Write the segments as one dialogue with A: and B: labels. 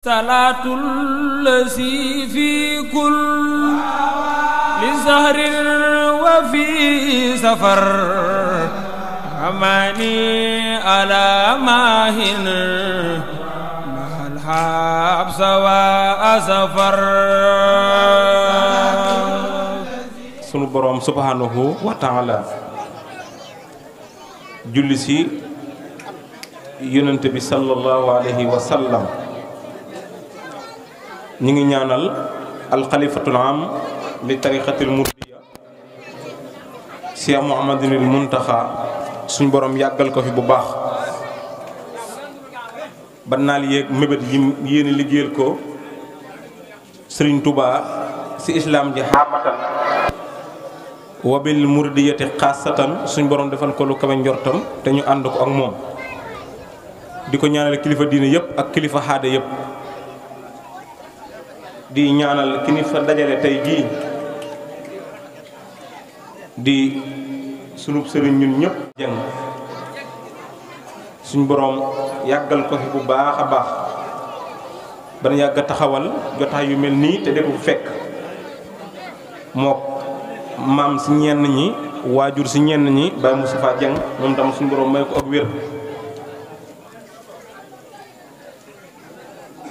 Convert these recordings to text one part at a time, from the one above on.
A: صلاة الذي في كل لزهر وفي سفر أماني على ماهن مع
B: الحبس وأسفر sunu borom subhanahu wa taala julli si yonent bi sallallahu alayhi wa sallam ñi ngi ñaanal khalifatul am li tarixatil murdiya Cheikh al Muntaxa suñ borom yagal ko fi bu baax ba naal yeeg yi ko serigne touba si Islam ji wa wabil murdiyati xaasatan suñ borom defal ko lu kawé ndortam te ñu and ko ak mom di ñaanal kilifa diine yëpp ak kilifa haade yep di ñaanal ki ni fa dajale tay jii di sunu serigne ñun ñep jeng suñ borom yagal ko fi bu baaxa baax ban yag taxawal jotaay yu melni te defu fek mook mam si ñen ñi wajur si ñen ñi ba mustafa jeng mom tam suñu borom may ko ak wér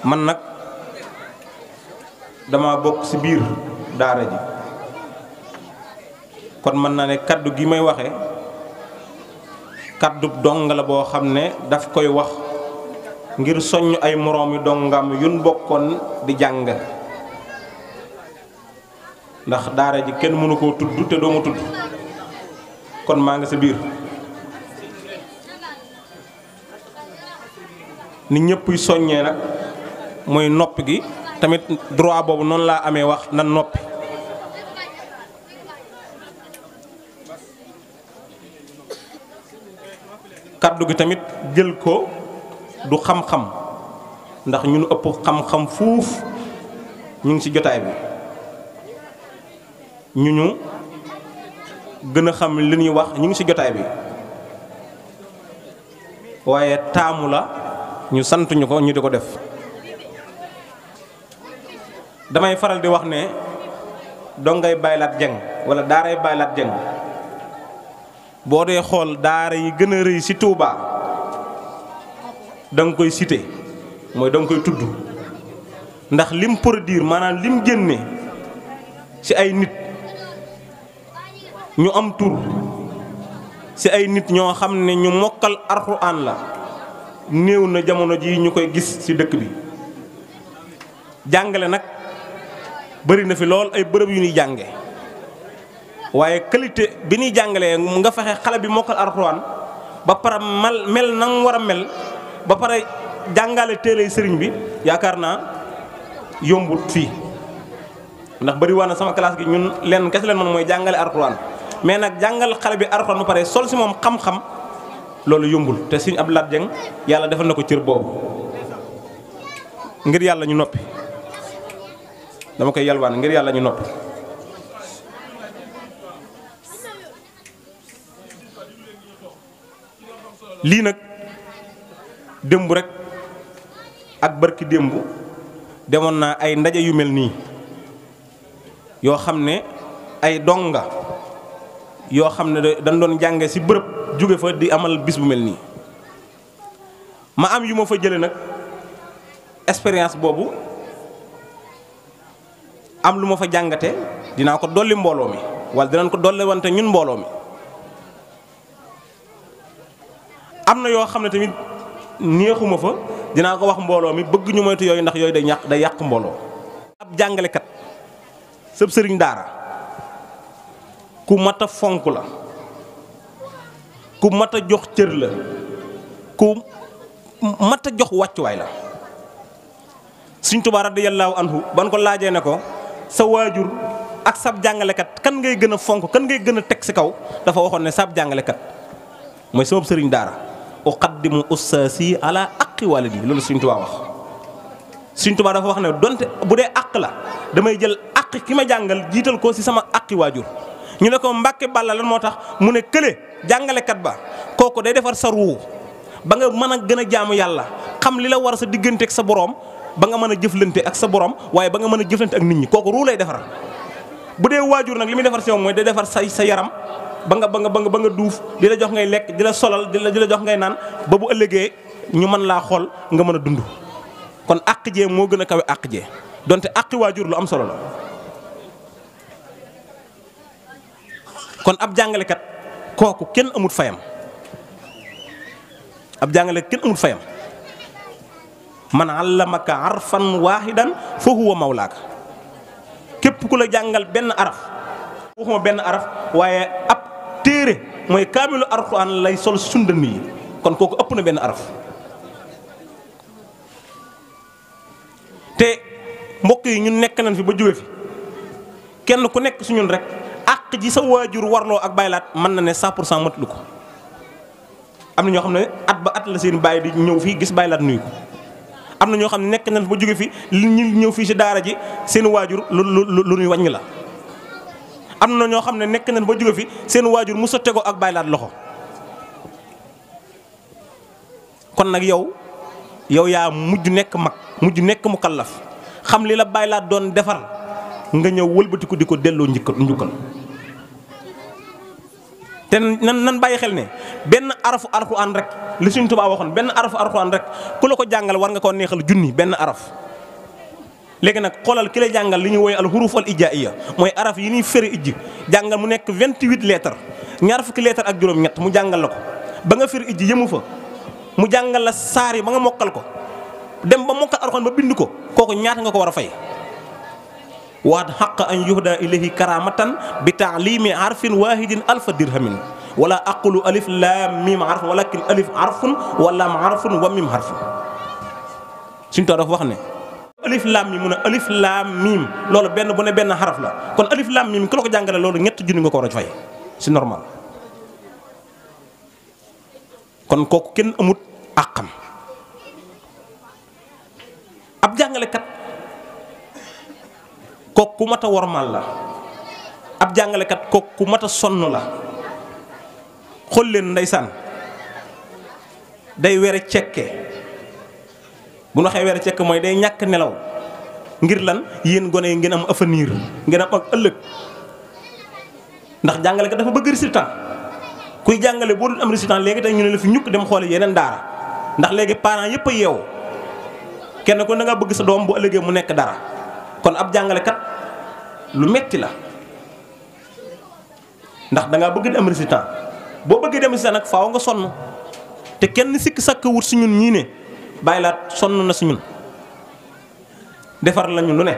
B: man nak dama bok ci bir daara ji kon man na ne kaddu gi may waxe kaddu dong la bo xamne daf koy wax ngir soñu ay moroomi dongam yuñ bokkon di jang ndax daara ji kenn mënu ko tuddu te do ma tuddu kon ma nga sa bir ni yu soññee nak moy nopp gi tamit droit boobu noonu laa amee wax na noppi kàddu gi tamit jël ko du xam-xam ndax nu ëpp xam-xam fuuf ñu ngi ci jotaay bi ñu ñu gën xam li ñuy wax ñu ngi ci jotaay bi waaye taamu la ñu santuñu ko ñu di ko def damay faral di wax ne ngay baylat jeng wala daaray baylat jeng bo de xol daara yi gën a ci Touba dang koy cité moy dang koy tuddu ndax lim produire maanaam lim génne ci ay nit ñu am tour ci ay nit ño xamné ñu mokal la na jamono ji ñukoy gis ci dëkk bi nak. nak bëri na fi lool ay bërëb yu ñuy jànge waaye qualité bi ñuy jàngalee nga faxe xale bi mokkal alxuraan ba pare mal mel na war a mel ba pare jàngale téere sëriñ bi yaakaar naa yombul fii. ndax bëri waa na sama classe gi ñun leen kese leen man mooy jàngale alxuraan mais nag jàngal xale bi alxuraan ba pare sol si moom xam-xam loolu yombul te sëriñ Abdou Lahad yàlla defal na ko cër boobu ngir yàlla ñu noppi. dama koy yalwaan ngir yalla ñu nopp li nak dembu rek ak barki dembu demon na ay ndaje yu melni yo xamne ay donga yo xamne dañ doon jangé ci bërëb juggé fa di amal bis bu melni ma am yu fa jëlé nak expérience bobu am lu ma fa jàngate dinaa ko dolli mbooloo mi wala dinañ ko dolli wante ñun mbooloo mi am na yoo xam ne tamit neexuma fa dinaa ko wax mbooloo mi bëgg ñu moytu yooyu ndax yooyu day ñàq day yàq mbooloo ab jàngalekat sëb sëriñ daara ku mat a fonk la ku mat a jox cër la ku mat jox wàccuwaay la Sëriñ Tuubaa radiyallaahu anhu ban ko laajee ne ko sa waajur ak sab jàngalekat kan ngay gën a fonk kan ngay gën a teg si kaw dafa waxoon ne sab jàngalekat mooy sama sëriñ daara uqaddimu ustaasi ala aqi walidi loolu Sëriñ Tuubaa wax Sëriñ Tuubaa dafa wax ne donte bu dee àq la damay jël àq ki ma jàngal jiital ko si sama aqi waajur ñu ne ko Mbàkke Balla moo tax mu ne kële jàngalekat ba kooku day defar sa ruu ba nga mën a gën a jaamu yàlla xam li la war sa digganteeg sa boroom ba nga mën a jëflante ak sa borom waaye ba nga mën a jëflante ak nit ñi kooku ruu lay defar bu dee waajur nag li muy defar si moom mooy day defar say sa yaram ba nga ba nga ba duuf di la jox ngay lekk di la solal di la di jox ngay naan ba bu ëllëgee ñu mën laa xool nga mën a dund kon àq jee moo gën a kawe àq jee donte àqi waajur lu am solo la kon ab jàngalekat kooku kenn amut fayam ab jàngalekat kenn amut fayam man allamaka arfan wahidan fa huwa mawlak kep kula jangal ben araf waxuma ben araf waye ap téere moy kamilu arqan lay sol sundan kon koku ep na ben araf te mbokk yi ñun nek nañ fi ba fi kenn ku nek su ñun rek ak ji sa wajur warlo ak baylat man na ne 100 pour amna ño ko am ne at ba at la seen di ñew fi gis baylat nuyu ko am na ñoo xam ne nekk nañ ba jóge fi li ñu ñëw fii si daara ji seen waajur lu lu lu ñuy wàññi la. am na ñoo xam ne nekk nañ ba jóge fi seen waajur mu sotte ko ak bàyyilaat loxo kon nag yow yow yaa mujj nekk mag mujj nekk mu kallaf xam li la bàyyilaat doon defar nga ñëw wëlbatiku di ko delloo njukkal njukkal. Dan nan nan bàyyi xel ne ben araf alquran rek li suñ tuba waxon ben araf alquran rek ku lako jangal war nga ko neexal junni ben araf. léegi nak xolal ki la jangal li ñu woy al huruf al ijaiya araf yi ni fëri Janggal jangal mu nekk 28 lettre ñaar fukki lettre ak juroom ñet mu jangal lako ba nga fëri ijj yëmu fa mu janggal la saar yi ba nga mokkal ko dem ba mokkal alquran ba bind ko koku ñaata nga ko wara fay. waat xaq an yuhda ilayhi karamatan bi taalimi harfin wahidin alfa dirhamin wala aqulu alif laam miim harf walakin alif harfun wa laam harfun wa miim harfun suñ too dafa wax ne alif laam miim mu bu ne benn xaraf la kon alif laam ko jàngale loolu ñett junni nga ko war a fay c'est normal kon kooku kenn amut àqam ab jàngalekat kook ku mat a wormaal la ab jàngalekat kook ku mat a sonn la xool leen ndeysaan day were cekke bu ñu waxee were cekke mooy day ñàkk nelaw ngir lan yéen gone yi ngeen am avenir ngeen am ak ëllëg ndax jàngale dafa bëgg résultat kuy jàngale boo dul am résultat léegi tey ñu ne la fi ñukk dem xoole yeneen daara ndax léegi parents yëpp a yeewu kenn ko nanga bëgg sa doom bu ëllëgee mu nekk dara kon ab kat lu metti la ndax da nga bëgg di am résultat boo bëggee dem résultat nak faaw nga sonn te kenn sik sak wuur si ñun ñii ne bàyyi laat sonn na si ñun defar lañu lu ne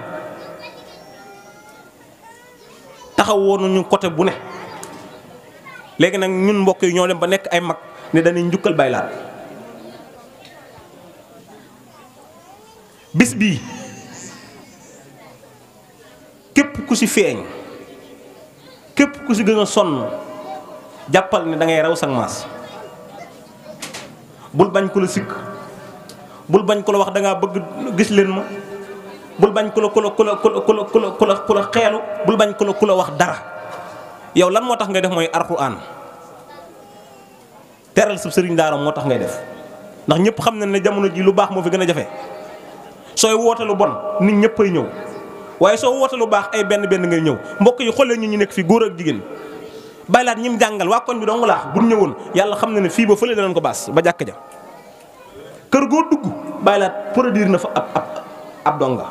B: taxaw wonu ñu côté bu ne légui nak ñun mbokk yi ñoo dem ba nek ay mag ne dañuy njukkal bàyyi bis bi kep ku si feñ kep ku si gëna a jappal ni da ngay raw sang mas, bul bañ ko la sik bul bañ ko la wax da nga bëgg gis leen ma bul bañ ko la ku la ku la ku la ku la ku la bul bañ ko la ku wax dara yow lan motax ngay def moy alquran teral sub serigne daara motax ngay def ndax ñepp xam ne jamono ji lu bax mo fi gëna a soy wotalu bon nit ñeppay ñew waye so wota lu bax ay benn benn ngay ñew mbokk yi xoolee ñu ñu nekk fi goor ak bay laat ñim jangal wa koñ bi dong la bu ñewul yalla xamna na ne fii ba fële danañ ko bass ba jàkk ja keur go dugg laat produire na fa ab ab ab donga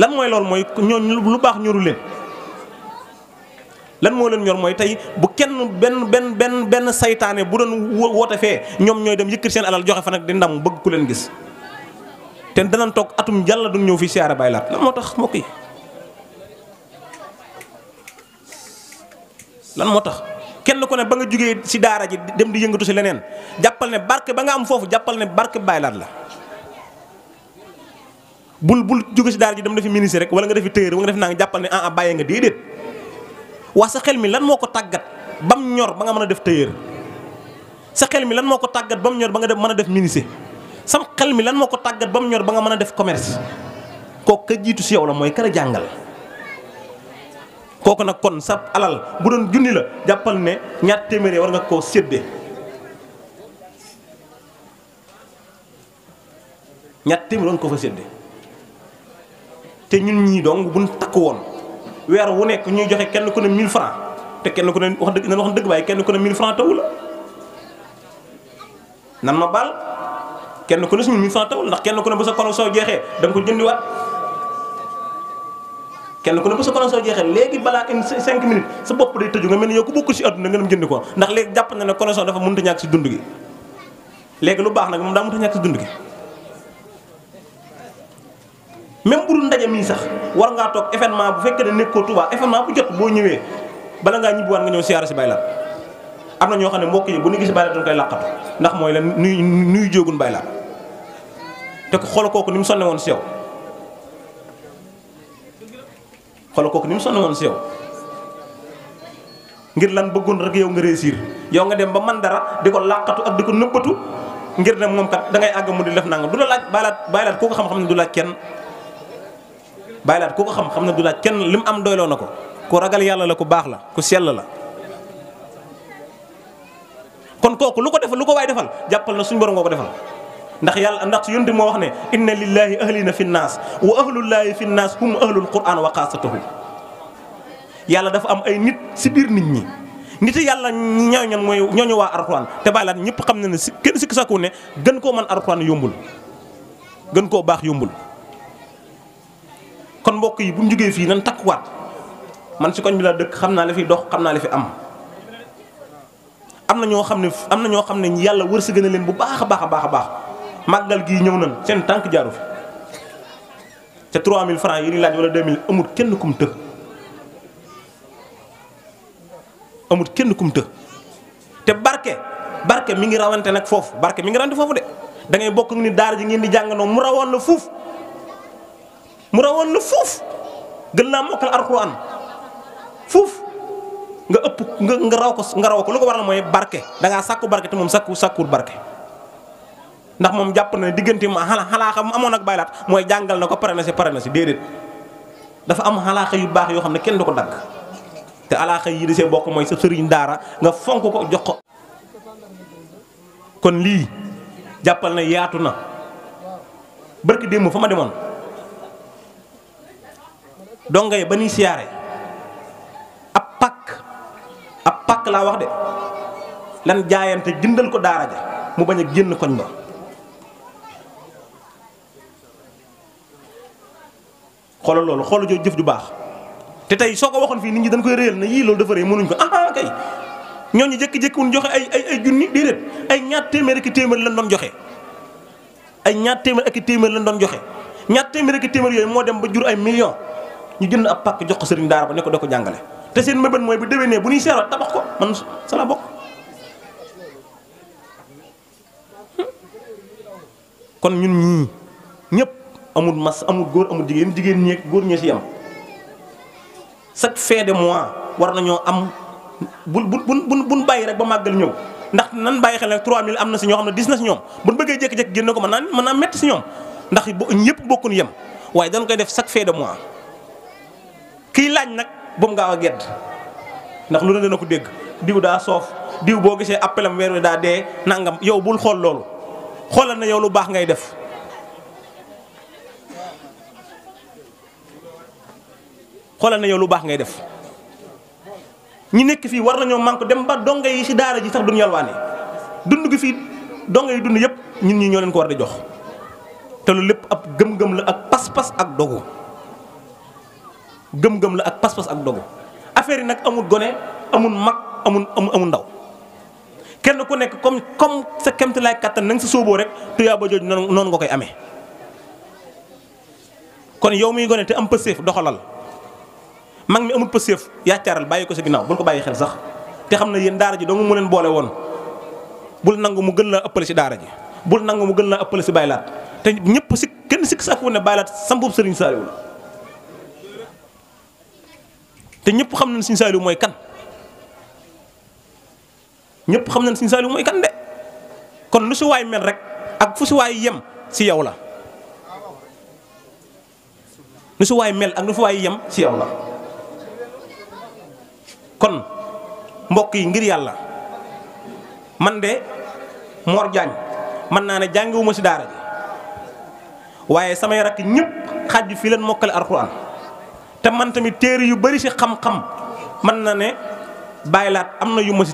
B: lan moy lool moy ñoo lu baax ñoru leen lan mo leen ñor moy tay bu kenn ben ben ben ben saytane bu doon wota fee ñom ñoy dem yëkkir seen alal joxe fa nak di ndam bëgg ku leen gis te tok tok atum jalla duñ ñew fi siyaara Baay lan motax Ken mbokk lan motax kenn ko ne ba nga jógee si daara ji dem di yëngatu ci leneen jappal ne barke ba nga am fofu jappal ne barke la bul bul jóge si daara ji dem fi ministre rek wala nga fi téere wala nga nang. naa nga ne ah ah baye nga dedet wa sa xel mi lan moko tagat bam ñor ba nga mëna def teer sa xel mi lan moko tagat bam ñor ba nga mëna def ministre sam xel mi lan moko tagat bam ñor ba nga mëna def commerce kooku ka jitu ci yow la moy kala jangal jàngal nak kon sa alal bu doon jundi la jappal ne ñaar téméré war nga ko sédé ñaar tém war ko fa sédé té ñun ñi dong buñ tak woon weer wu nek ñuy joxe kenn ku ne 1000 francs té kenn ku ne wax dëgg na wax dëgg waaye kenn ku ne 1000 francs taw nan ma bal kenn ku ne suñu ñu santawul ndax kenn ku ne bu sa kono so jexé dang ko jëndiwaat kenn ku ne bu sa kono so jexé légui bala une cinq minutes sa bop day tëju nga melni yow ku bokku ci aduna nga dem jënd ko ndax légui japp na ne kono so dafa mënut ñak ci dundu gi légui lu baax nak moom da mënut ñak ci dundu gi même bu dul ndaje mi sax war nga tok événement bu fekké ne ko Touba événement bu jot bo ñëwé bala nga ñibu wat nga ñëw siara ci bayla amna ño xamne mbokk yi bu ni gis bayla dañ koy laqatu ndax moy la nuy nuy jóogun Baylaat te ko xol kooku ni mu sonne won ci yow xol kooku ni mu sonne won ci yow ngir lan bëggoon rek yow nga réussir yow nga dem ba man dara diko laqatu ak diko neubatu ngir na mom kat da ngay ag mu di def nang dula la laaj bàyyilaat bàyyilaat ku ko xam xam ne dula kenn bàyyilaat ku ko xam xam ne dula kenn lim am doylo nako ko ku ragal yalla la ku bax la ku sel la kon koku luko ko defal lu defal jappal na suñu borom goko defal ndax yàlla ndax yonent moo wax ne inna lillahi ahlina fi nnaas wa ahlullahi fi nnaas hum ahlul quran wa xaasatuhu yàlla dafa am ay nit si biir nit ñi nit yàlla ñooy ñan mooy ñooñu waa Alxuraan te bàyyi laat ñëpp xam na ne si ne gën koo mën Alxuraan yombul gën baax yombul kon mbokk yi bu ñu fii nan takkuwaat man si koñ bi laa dëkk xam naa la fi dox xam naa la fi am am na ñoo xam ne am na ñoo xam ne yàlla wërsëg na leen bu baax a baax a baax a baax màggal gii ñëw nañ seen tànk jaaru fi ca mille francs yi ñu laaj wala 2000 amul kenn kum të kenn kum te barke barke mi ngi rawante nag foofu barke mi ngi rawante foofu de dangay bokk bokk ni daar ji ngeen di jàngandoo mu rawoon la fuuf mu rawoon la fuuf gën naa mokkal alxuraan fuuf nga ëpp nga nga raw ko nga raw ko lu ko a mooy barke da ngaa sàkku barke te moom sàkku sàkkuwul barke. ndax moom jàpp na ne diggante ma xala xalaaxa amoon ak baylaat mooy jàngal na ko pare na si pare na si déedéet dafa am xalaaxa yu baax yoo xam ne kenn du ko dagg te alaaxa yi da see bokk mooy sa sëriñ daara nga fonk ko jox ko kon lii jàppal na yaatu na barki démb fa ma demoon donga yi ba nuy siyaare ab pàkk ab pàkk laa wax de lan jaayante jëndal ko daara ja mu bañ a génn koñ ba xoolal loolu xoolal joo jëf ju baax te tey soo ko waxoon fii nit ñi dañ koy réyal na yii loolu dafa rëy mënuñ ko ah kay ñooñu jékki-jékkiwuñ joxe ay ay ay junni déedéet ay ñaar téeméer ak téeméer lañ doon joxe. ay ñaar téeméer ak téeméer lañ doon joxe ñaar téeméer ak téeméer yooyu moo dem ba jur ay million ñu jënd ab pàkk jox ko sëriñ daara ba ne ko da ko jàngale te seen mëbën mooy bu déwénee bu ñuy seeroon tabax ko man sa la bokk hmm. kon ñun ñii amul mas amul gor amul jigen jigen ñi ak gor ñi ci am chaque fin de mois war nañu am bu bu bu bu rek ba magal ñew ndax nan bàyyi xel rek 3000 amna ci ño xamna ne dis na ci ñoom bu bëgge jek jek jékki génn ko mën naa mën ci ñom ndax ñëpp bokkuñu yam waaye dañ koy def chaque fin de mois ki lañ nak bu nga wa gedd ndax lu ne dana ko deg diw da sof diw bo gisee appelam weer da dé nangam yow bul xol loolu xolal na yow lu bax ngay def. xoolal na yow lu baax ngay def ñi nekk fii war nañoo man dem ba donga yi ci daara ji sax duñu yalwaane dund gi fii donga yi dund yëpp ñun ñi ñoo leen ko war di jox te lu lépp ab gëm-gëm la ak pas-pas ak dogu gëm-gëm la ak pas-pas ak dogu affaire yi nag amul gone amul mag amul amul ndaw kenn ku nekk comme comme sa kemtalaay kattan na nga sa sóoboo rek tuyaa ba jooj noonu nga koy amee kon yow miy gone te am pëseef doxalal mag mi amul pëseef yaacaaral bàyyi ko sa ginnaaw bul ko bàyyi xel sax te xam ne yéen daara ji dong mu leen boole woon bul nangu mu gën laa ëppale si daara ji bul nangu mu gën laa ëppale si baylaat te ñëpp si kenn sikk sa ne baylaat sampub sëriñ Saaliw la te ñëpp xam na siñ Saaliw mooy kan ñëpp xam na sëriñ Saaliw mooy kan de kon lu si waay mel rek ak fu si waay yem si yow la lu si waay mel ak lu si waay yem si yow la kon mbokk yi ngir yàlla man de Mor Diagne mën naa ne jàngiwuma si daara ji waaye samay rakk ñëpp xaaj bi fii leen mokkale alxuraan te man tamit téere yu bari si xam-xam mën naa ne bàyyi am na yu ma si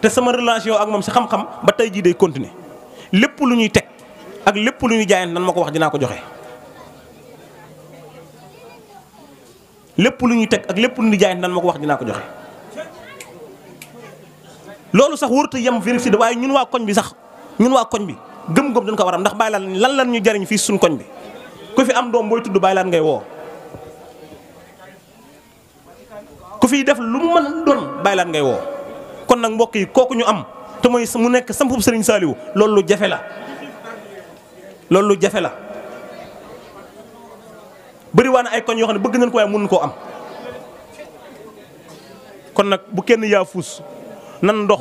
B: te sama relation ak moom si xam-xam ba tey jii day continuer lépp lu ñuy teg ak lépp lu ñuy jaayante nan ma ko wax dinaa ko joxe. lepp luñu tek ak lepp luñu jaay nan mako wax dina ko joxe lolou sax wurtu yam vérifié ñun wa koñ bi sax ñun wa koñ bi gëm-gëm dañ ko waram ndax bàyyi laan lan lan ñu jariñ fi suñ koñ bi ku fi am doom boy tuddu bàyyi ngay wo ku fi def lu mu mën doon bàyyi ngay wo kon nak mbokk yi koku ñu am te moy mu nekk sampub Serigne saliw lolou jafé la lolou jafé la. bëriwaa na ay koñ yoo xam ne bëgg nañ ko waaye mënuñ am kon nag bu kenn yaafuus nan ndox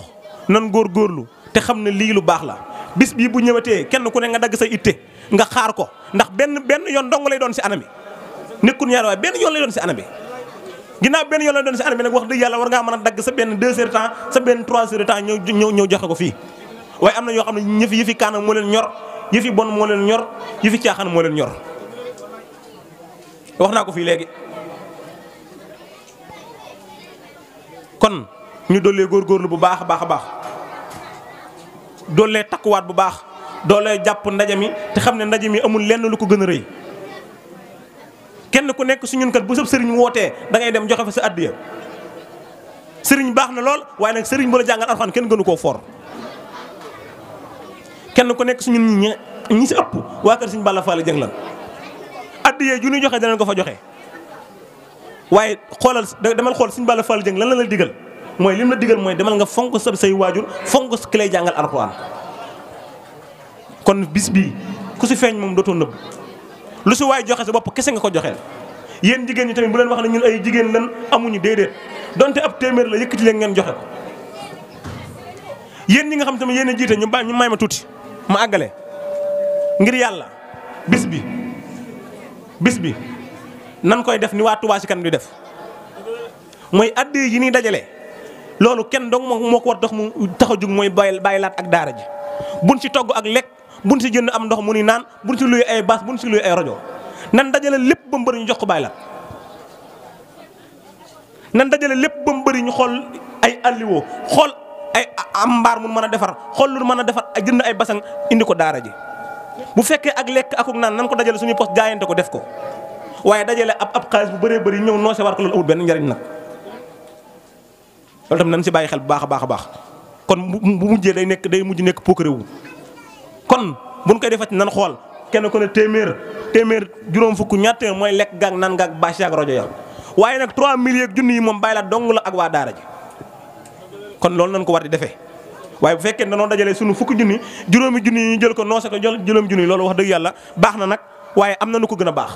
B: nan góorgóorlu te xam ne lii lu baax la bis bii bu ñëwatee kenn ku ne nga dagg sa itte nga xaar ko ndax benn benn yoon dong lay doon si anam yi nekkul ñaar benn yoon lay doon si anam nag wax dëgg yàlla war ngaa mën a dagg sa benn deux heures temps sa benn trois heures temps ñëw ñëw ñëw joxe ko fii waaye am na yoo xam ne ñëfi yëfi kaanam moo leen ñor yëfi bon moo leen ñor yëfi caaxaan moo leen ñor wax naa ko fii léegi kon ñu dollee góorgóorlu bu baax a baax a baax dollee takkuwaat bu baax doolee jàpp ndaje mi te xam ne ndaje mi amul lenn lu ko gën a rëy kenn ku nekk su ñun bu sëb sëriñ wootee da ngay dem joxe fa sa addiya sëriñ baax na lool waaye nag sëriñ bu la jàngal alxuraan kenn gënu koo foor kenn ku nekk su ñun ñi ñi si ëpp waa kër Sëriñ Balla Fall jëng la addiyee ju nu joxe danañ ko fa joxe waaye xoolal demal xool suñu Balla Fall Dieng lan la la digal mooy lim la digal mooy demal nga fonk sab say waajur fonk ki lay jàngal alxuraan kon bis bi ku si feeñ moom dootoo nëbb lu si waay joxe sa bopp kese nga ko joxe yéen jigéen ñi tamit bu leen wax ne ñun ay jigéen lan amuñu déedéet donte ab téeméer la yëkkati leen ngeen joxe ko yéen ñi nga xam tamit yéen a jiite ñu ba ñu may ma tuuti ma àggale ngir yàlla bis bi. bis bi nan koy def ni waa Touba ci kanam di def mooy addi yi ñuy dajale loolu kenn dong moom moo ko war dox mu tax mooy bàyyi bàyyi laat ak daara ji buñ ci togg ak lekk buñ ci jënd am ndox mu ni naan buñ ci luy ay baas buñ ci luy ay rajo nan dajale lépp ba mu bëri ñu jox ko bàyyi laat nan dajale lépp ba mu bari ñu xool ay alliwoo xool ay am mbaar mun mën a defar xool lu mën a defar jënd ay basang indi ko daara ji. bu fekkee ak lekk akuk naan nan ko dajale suñu poste jaayante ko def ko waaye dajale ab ab xaalis bu bëree bëri ñëw noose war ko loolu amul benn njariñ nag nañ si bàyyi xel bu baax a baax a baax kon bu mujjee day nekk day mujj nekk puukare wu kon buñ koy defat nan xool kenn ku ne téeméer téeméer juróom fukk ñaar mooy lekk gaag naan gaag bâche yaag rajo yow waaye nag 3 millions junni yi moom bàyyi la dong la ak waa daara loolu nañ ko war di defee waaye bu fekkee nanoo danoo dajalee sunu fukki junni juróomi junni yi ñu jël ko noose ko jël juróomi junni loolu wax dëgg yàlla baax na nag waaye am na lu ko gën a baax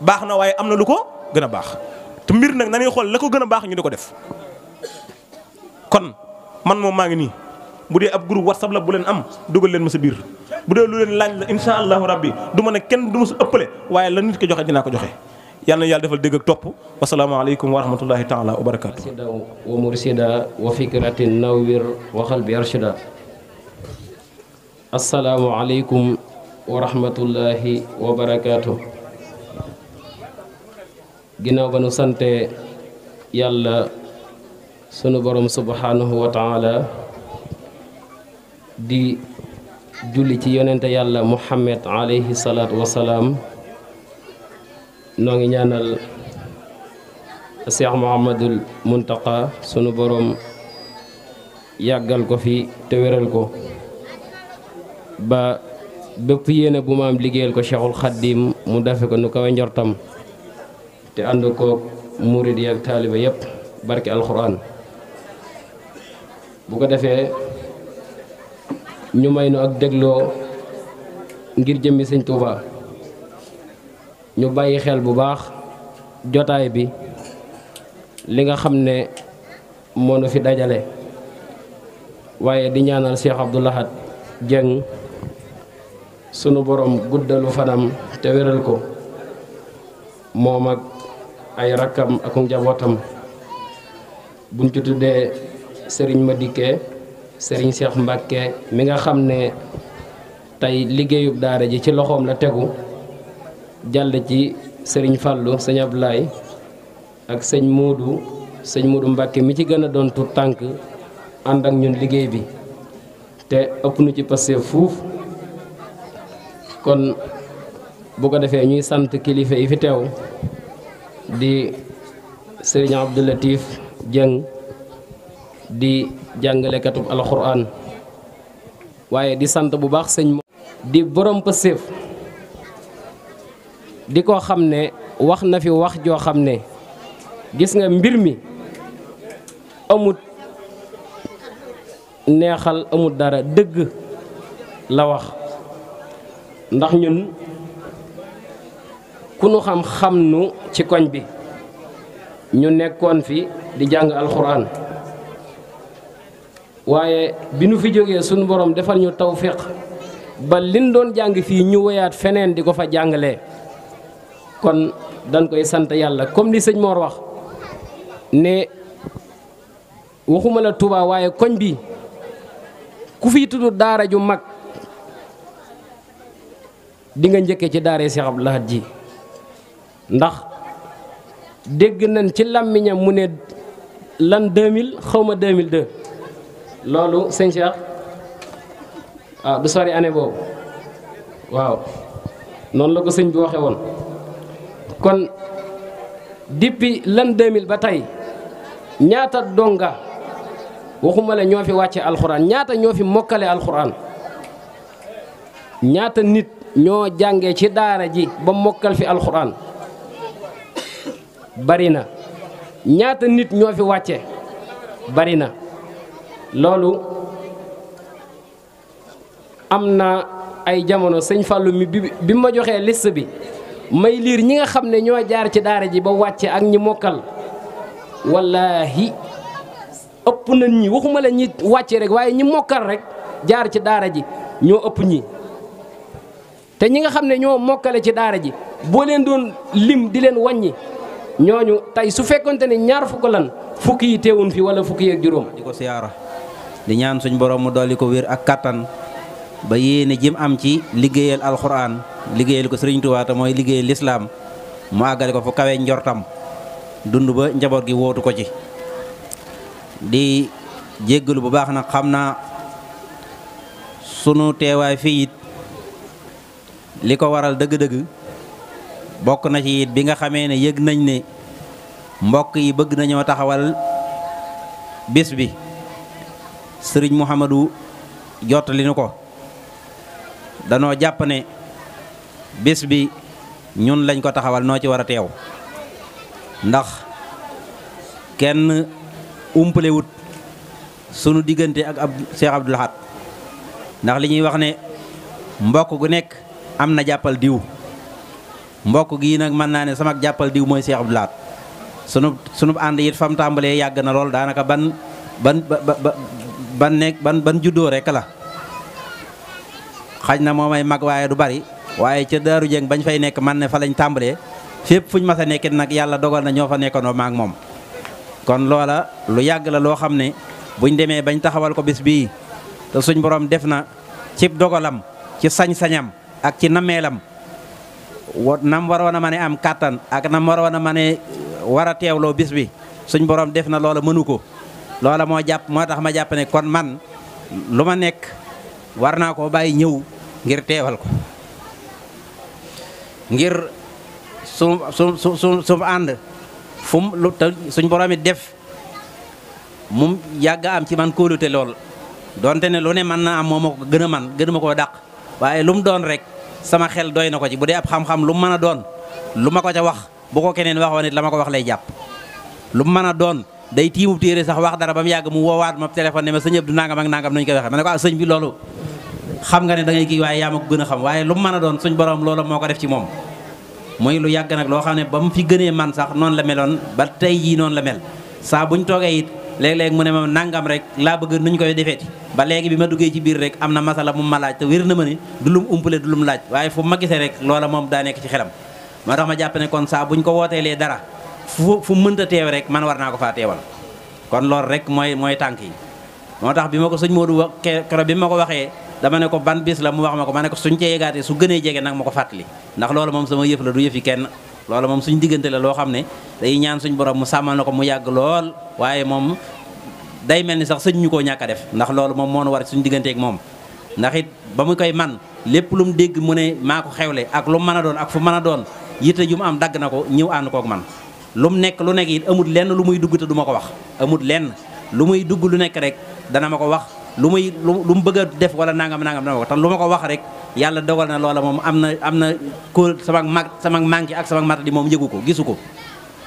B: baax na waaye am na lu ko gën a baax te mbir nag nañuy xool la ko gën a baax ñu di ko def kon man moom maa ngi nii bu dee ab groupe whatsapp la bu leen am dugal leen ma sa biir bu dee lu leen laaj la incha allahu rabbi du ma ne kenn du ma sa ëppale waaye la nit ko joxe dinaa ko joxe يالنا يال ديفال ديغك توپ والسلام عليكم
A: ورحمه الله تعالى وبركاته سيدا ومرسيدا وفكره النوير وقلب ارشدا السلام عليكم ورحمه الله وبركاته غيناو بانو يالا سونو سبحانه وتعالى دي جولي يالا محمد عليه الصلاه والسلام noo ñaanal Cheikh mohammedul Muntaqa sunu borom yagal ko fi te wéral ko ba bepp yene bu maam am liggéeyal ko Cheikhul khadim mu dafe ko nu kawe njortam te ànd ko murid yak ak yépp barki alquran bu ko defee ñu maynu ak deglo ngir jëmmé seigne touba ñu bàyyi xel bu baax jotaay bi li nga xam ne moo fi dajale waaye di ñaanal Cheikh Abdou Lahad Dieng sunu boroom guddalu fanam te weral ko moom ak ay rakkam ak njabootam buñ ci tuddee Serigne Madické Serigne Cheikh Mbacké mi nga xam ne tey liggéeyub daara ji ci loxoom la tegu jàll ci serigne fallu serigne Ablaye ak serigne modou serigne modou mbake mi ci gëna don doon tank and ak ñun liggey bi té ëpp nu ci passé fuuf kon bu ko défé ñuy sante kilifa yi fi tew di abdou latif jeng di katub alquran waye di sante bu baax serigne di borom passé di ko xam ne wax na fi wax joo xam ne gis nga mbir mi amut neexal amut dara dëgg la wax ndax ñun ku nu xam xam nu ci koñ bi ñu nekkoon fi di jàng alxuraan waaye bi nu fi jógee sunu boroom defal ñu tawfiq ba liñ doon jàng fii ñu woyaat feneen di ko fa jàngalee kon dañ koy sant yàlla comme li sëñ Mor wax ne waxuma la tuubaa waaye koñ bi ku fi tudd daara ju mag di nga njëkkee ci daara Cheikh Abdou Lahad ji ndax dégg nañ ci làmmiñam mu ne lan 2000 xaw ma 2002 loolu sëñ Cheikh ah du sori année boobu waaw noonu la ko sëñ bi waxe woon kon depuis l'an 2000 ba tey ñaata donga waxuma la ñoo fi wàcce alxuraan ñaata ñoo fi mokkale alxuraan ñaata nit ñoo jàngee ci daara ji ba mokkal fi alxuraan bari na ñaata nit ñoo fi wàcce bari na loolu am na ay jamono sëñ Fallou mi bi ma joxee liste bi may liir ñi nga xam ne ñoo jaar ci daara ji ba wàcce ak ñi mokkal wallaahi ëpp nañ ñi waxuma la ñi wàcce rek waaye ñi mokkal rek jaar ci daara ji ñoo ëpp ñi te ñi nga xam ne ñoo mokkale ci daara ji boo leen doon lim di leen wàññi ñooñu tey su fekkonte ne ñaar fukk lan fukki yi teewun fi wala fukki yeeg juróom.
C: di ñaan suñ borom mu dooli ko wér ak kàttan ba yéene jëm am ci liggéeyal alxuraan. liggéeyal ko Sëriñ tuwaata mooy liggéeyal lislaam mu àggale ko fu kawe njortam dund ba njaboot gi wootu ko ci di jéggalu bu baax nag xam naa sunu teewaay fii it li ko waral dëgg-dëgg bokk na ci it bi nga xamee ne yëg nañ ne mbokk yi bëgg nañoo taxawal bis bi sëriñ Mouhamadou jottali nu ko danoo jàpp ne bés bi ñun lañ ko taxawal noo ci war a teew ndax kenn umpalewut sunu diggante ak ab Cheikh Abdou ndax li ñuy wax ne mbokk gu nekk am na jàppal diw mbokk gii nag mën naa ne sama jàppal diw mooy Cheikh Abdou Lahad sunu sunu ànd it fam tàmbalee yàgg na lool daanaka ban ban ba ban nekk ban ban juddoo rekk la xaj na moomay mag waaye du bari waaye ca Daaru Jeng bañ fay nekk man ne fa lañ tàmbalee fépp fuñ mas a nekkit nag yàlla dogal na ñoo fa nekkandoo maak moom. kon loola lu yàgg la loo xam ne buñ demee bañ taxawal ko bis bii te suñ boroom def na cib dogalam ci sañ-sañam ak ci nameelam wa nam waroon a ma ne am kàttan ak nam waroon a mën a war a teewloo bis bi suñ borom def na loola mënu ko loola moo jàpp moo tax ma jàpp ne kon man lu ma nekk war naa koo bàyyi ñëw ngir teewal ko. ngir su su su su su ànd fu mu lu te suñ borom it def mu yàgg am ci man kóolute lool donte ne lu ne mën naa am moo ma ko gën man gën ma koo daq waaye lu mu doon rek sama xel doy na ko ci bu dee ab xam-xam lu mu mën a doon lu ma ko ca wax bu ko keneen waxoon it la ma ko wax lay jàpp lu mu mën a doon day tiimub téere sax wax dara ba mu yàgg mu woowaat ma téléphone ne ma sëñ Abdou nangam ak nangam nañu koy waxee ma ne ko ah sëñ bi loolu xam nga ne da ngay kii waaye yaa ma ko gën a xam waaye lu mu mën a doon suñ borom loola moo ko def ci moom muy lu yàgg nag loo xam ne ba mu fi gënee man sax noonu la meloon ba tey jii noonu la mel saa ñu toogee it léeg-léeg mu ne ma nangam rek laa bëgg nuñ koy defeeti ba léegi bi ma duggee ci biir rek am na masala mu ma laaj te wér na ma ne du lum umpale laaj waaye fu ma gisee rek loola moom daa nekk ci xelam moo tax ma jàpp ne kon saa buñ ko wooteelee dara fu fu mënta teew rek man war naa ko faa teewal kon loolu rek mooy mooy tànk yi moo tax bi ma ko sëñ ma ko waxee dama ne ko ban bis la mu wax ma ko ma ne ko suñ ca yegaatee su gënee jege nag ma ko fàttali ndax loolu moom sama yëf la du yëfi kenn loolu moom suñ diggante la loo xam ne day ñaan suñ borom mu sàmmal na ko mu yàgg lool waaye moom day mel ni sax sëñ ñu koo ñàkk def ndax loolu moom moo nu war suñ digganteeg moom ndax it ba mu koy man lépp lu mu dégg mu ne maa ko xewle ak lu mu mën a doon ak fu mën a doon yitte ju mu am dagg na ko ñëw ànd koog man lu nekk lu nekk it amut lenn lu muy dugg te du ko wax amut lenn lu muy dugg lu nekk rek lu muy lu lu mu bëgg a def wala nangam nangam dama ko tax lu ma ko wax rek yàlla dogal na loola moom am na am na ko sama mag sama manqué ak sama mata di moom yëgu ko gisu ko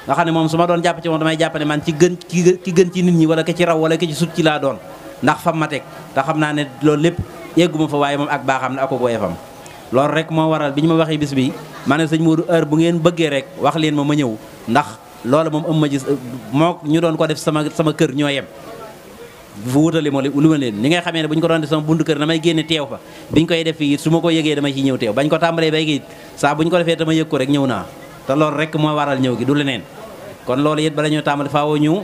C: nga xam ne moom su ma doon jàpp ci moom damay jàpp ne man ci gën ki gën ci nit ñi wala ki ci raw wala ki ci sut laa doon ndax fam ma teg te xam naa ne loolu lépp yegguma fa waaye moom ak baaxam na ak ko efam loolu rek moo waral bi ñu ma waxee bis bi ma ne sëñ heure bu ngeen bëggee rek wax leen ma ma ñëw ndax loola moom ëmma ji moo ñu doon ko def sama sama kër ñoo yem wutale ma lu ma leen ni nga xamee ne bu ñu ko doon des sama buntu kër damay génne teew fa biñ koy def fii su ma ko yëgee damay ci ñëw teew bañ ko tàmbalee bay gi saa bu ñu ko defee dama yëg ko rek ñëw naa te loolu rek moo waral ñëw gi du leneen kon loolu it bala ñoo tàmbali faaw ñëw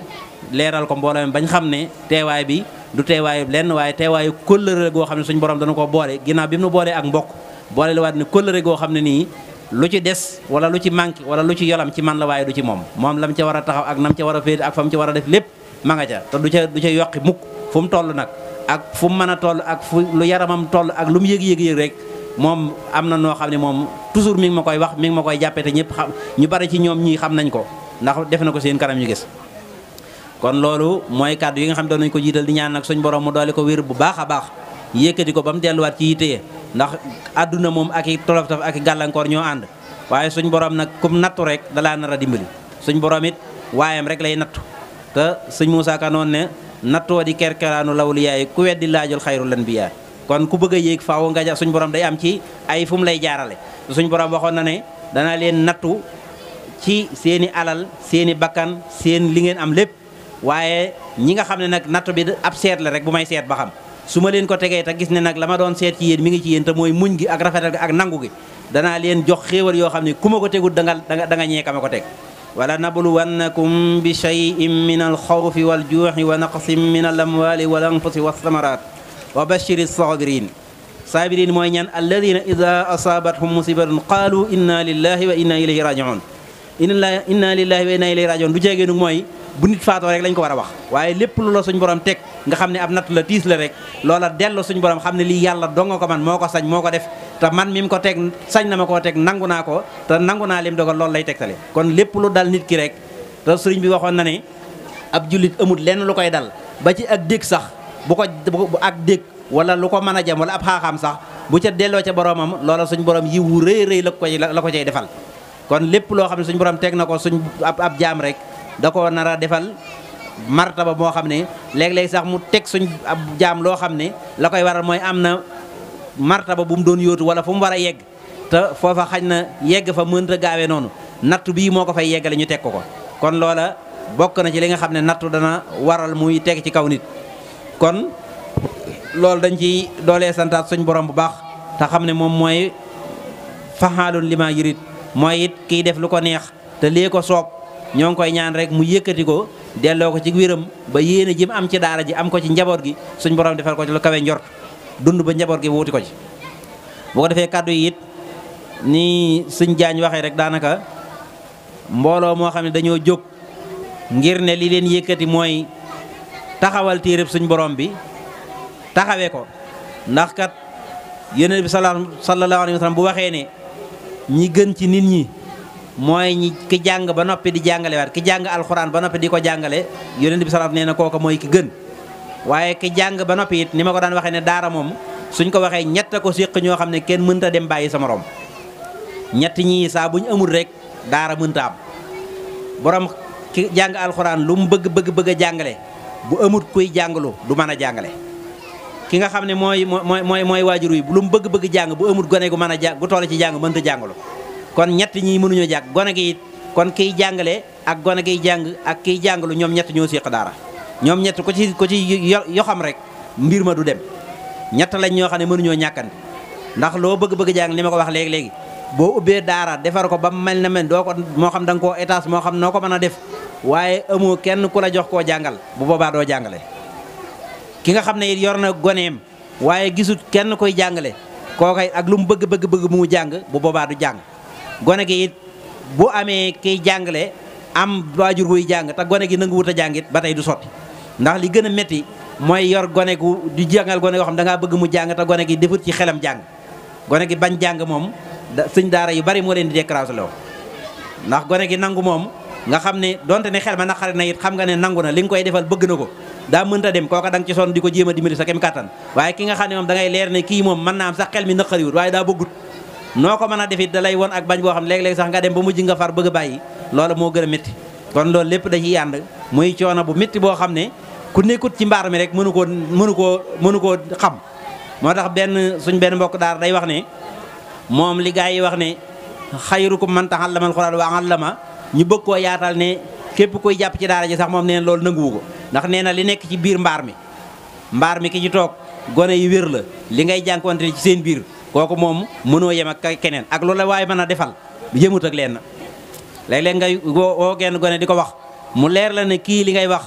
C: leeral ko mbooloo mi bañ xam ne teewaay bi du teewaayu lenn waaye teewaayu kóllëre goo xam ne suñ borom dana koo boole ginnaaw bi mu nu boolee ak mbokk boole la waat goo xam ne nii lu ci des wala lu ci manqué wala lu ci yolam ci man waaye du ci moom moom lam ca war a ak nam ca war a féet war a def lépp ma nga ca te du ca du ca yokki mukk fu mu toll nag ak fu mu mën a toll ak fu lu yaramam toll ak lu mu yëg-yëg rek moom am na noo xam ni moom toujours mii ngi ma koy wax mi ma koy jàppee te ñëpp xam ñu bari ci ñoom ñii xam nañ ko ndax def na ko seen kanam ñu gis kon loolu mooy kàddu yi nga xam doon nañ ko jiital di ñaan nag suñ borom mu doole ko wér bu baax a baax yëkkati ko ba mu delluwaat ci yitte ndax àdduna moom ak i tolof ak i gàllankoor ñoo ànd waaye suñ borom nag kum nattu rek dalaa nar a dimbili suñ borom it waayam rek lay nattu te sëñ Moussa Ka ne nattoo di kerkeraanu lawliyaayi ku weddi laajul xayrul anbiyaa kon ku bëgg a yéeg faaw nga ja suñ borom day am ci ay fu lay jaarale suñ borom waxoon na ne danaa leen nattu ci seeni alal seeni bakkan seen li ngeen am lépp waaye ñi nga xam ne nag nattu bi ab seet la bu may seet ba xam su ma leen ko tegee te gis ne nag la ma doon seet ci yéen mi ngi ci yéen te mooy muñ gi ak rafetal gi ak nangu gi danaa leen jox xéewal yoo xam ne ku ma ko tegul da nga da nga ñeeka ma ko teg ولنبلونكم بشيء من الخوف والجوع ونقص من الأموال والأنفس والثمرات وبشر الصابرين صابرين موينان الذين إذا أصابتهم مصيبة قالوا إنا لله وإنا إليه راجعون إنا لله وإنا إليه راجعون du jegeenu bu nit faatoo rek lañ ko war a wax waaye lépp lu la suñ borom teg nga xam ne ab natt la tiis la rek loola dellu suñ borom xam ne lii yàlla donga ko man moo ko sañ moo ko def te man mi mu ko teg sañ na koo teg nangu naa ko te nangu naa lim dogal loolu lay tegtale kon lépp lu dal nit ki rek te bi waxoon na ne ab jullit amut lenn lu koy dal ba ci ak dégg sax bu ko ak dégg wala lu ko mën a jam wala ab xaaxaam sax bu ca delloo ca boromam loola suñ borom yiwu rëy rëy la ko la ko cay defal kon lépp loo xam ne suñ borom teg na ko suñ ab ab jaam rek da ko nar a defal martaba boo xam ne léeg-léeg sax mu teg suñ ab jaam loo xam ne la koy waral mooy am na martaba bu mu doon yóotu wala fu mu war a yegg te foofa xañ na yegg fa mënta gaawee noonu nattu bii moo ko fay yeggale ñu teg ko ko kon loola bokk na ci li nga xam ne nattu dana waral muy teg ci kaw nit kon loolu dañ ci doolee santaat suñ borom bu baax te xam ne moom mooy faxaalun li ma mooy it kiy def lu ko neex te lii ko soob ñoo ngi koy ñaan rek mu yëkkati ko delloo ko ci wéram ba yéene ji am ci daara ji am ko ci njaboot gi suñ borom defal ko ci lu kawe njor dund ba njaboot gi wuuti ko ci. bu ko defee kàddu yit it ni suñ jaañ waxee rek daanaka mbooloo moo xam ne dañoo jóg ngir ne li leen yékkati mooy taxawal téereb suñ boroom bi taxawee ko ndax kat yonent bi sallallahu alayhi wa bu waxee ne ñi gën ci nit ñi. mooy ñi ki jàng ba noppi di jàngalewaat ki jàng alxuraan ba noppi di ko jàngale yonent bi salaam nee na kooka mooy ki gën waaye ki jàng ba noppi it ni ma ko daan waxee ne daara moom suñ ko waxee ñett ko séq ñoo xam ne kenn mënta dem bàyyi sa morom ñett ñii saa ñu amul rek daara mënta am borom ki jàng alxuraan lu mu bëgg bëgg bëgg a jàngale bu amul kuy jàngalu du mën a jàngale. ki nga xam ne mooy mooy mooy mooy waajur wi lu mu bëgg bëgg jàng bu amul gone mën a jàng gu ci jàng mënta jàngalu. kon ñett ñii mënuñoo jàng gone gi it kon kiy jàngale ak gone giy jàng ak kiy jàngalu ñoom ñett ñoo séq daara ñoom ñett ko ci ko ci yo xam rek mbir ma du dem ñett lañ ñoo xam ne mënuñoo ñàkkante ndax loo bëgg-bëgg jàng li ma ko wax léegi-léegi boo ubbee daara defar ko ba mel na mel doo ko moo xam da ko koo étage moo xam noo ko mën a def waaye amoo kenn ku la jox koo jàngal bu boobaa doo jàngale ki nga xam ne it yor na goneem waaye gisut kenn koy jàngale kooka ak lu mu bëgg bëgg bëgg mu jàng bu boobaa du jàng gone gi it bu amee kiy jàngale am waajur buy jàng te gone gi nanguwut a jàng ba tey du sotti ndax li gën a métti mooy yor gone gu di jàngal gone goo xam da ngaa bëgg mu jàng te gone gi defut ci xelam jàng gone gi bañ jàng moom sëñ daara yu bari moo leen di décrasé loo ndax gone gi nangu moom nga xam ne donte ne xel ma naqari na it xam nga ne nangu na li nga koy defal bëgg na ko daa mënta dem kooka da ci sonn di ko jéem a sa kem kàttan waaye ki nga xam ne moom da leer ne kii moom mën naa am xel mi naqariwut waaye daa bëggut noo ko mën a defit dalay lay won ak bañ boo xam léeg-léeg sax nga dem ba mujj nga far bëgg a bàyyi loola moo gën a métti kon loolu lépp dañuy ànd muy coono bu métti boo xam ne ku nekkut ci mbaar mi rek mënu koo mënu koo mënu koo xam moo tax benn suñ benn mbokk daar day wax ne moom li gaa yi wax ne ko man taxallamal xuraan wa allama ñu bëgg koo yaatal ne képp koy jàpp ci daara ji sax moom nee na loolu nanguwu ko ndax nee na li nekk ci biir mbaar mi mbaar mi ki ci toog gone yi wér la li ngay jànkuwante ci seen biir kooku moom mënoo yem ak keneen ak loolu waaye mën a defal yëmut ak leen léeg-léeg ngay woo genn gone di ko wax mu leer la ne kii li ngay wax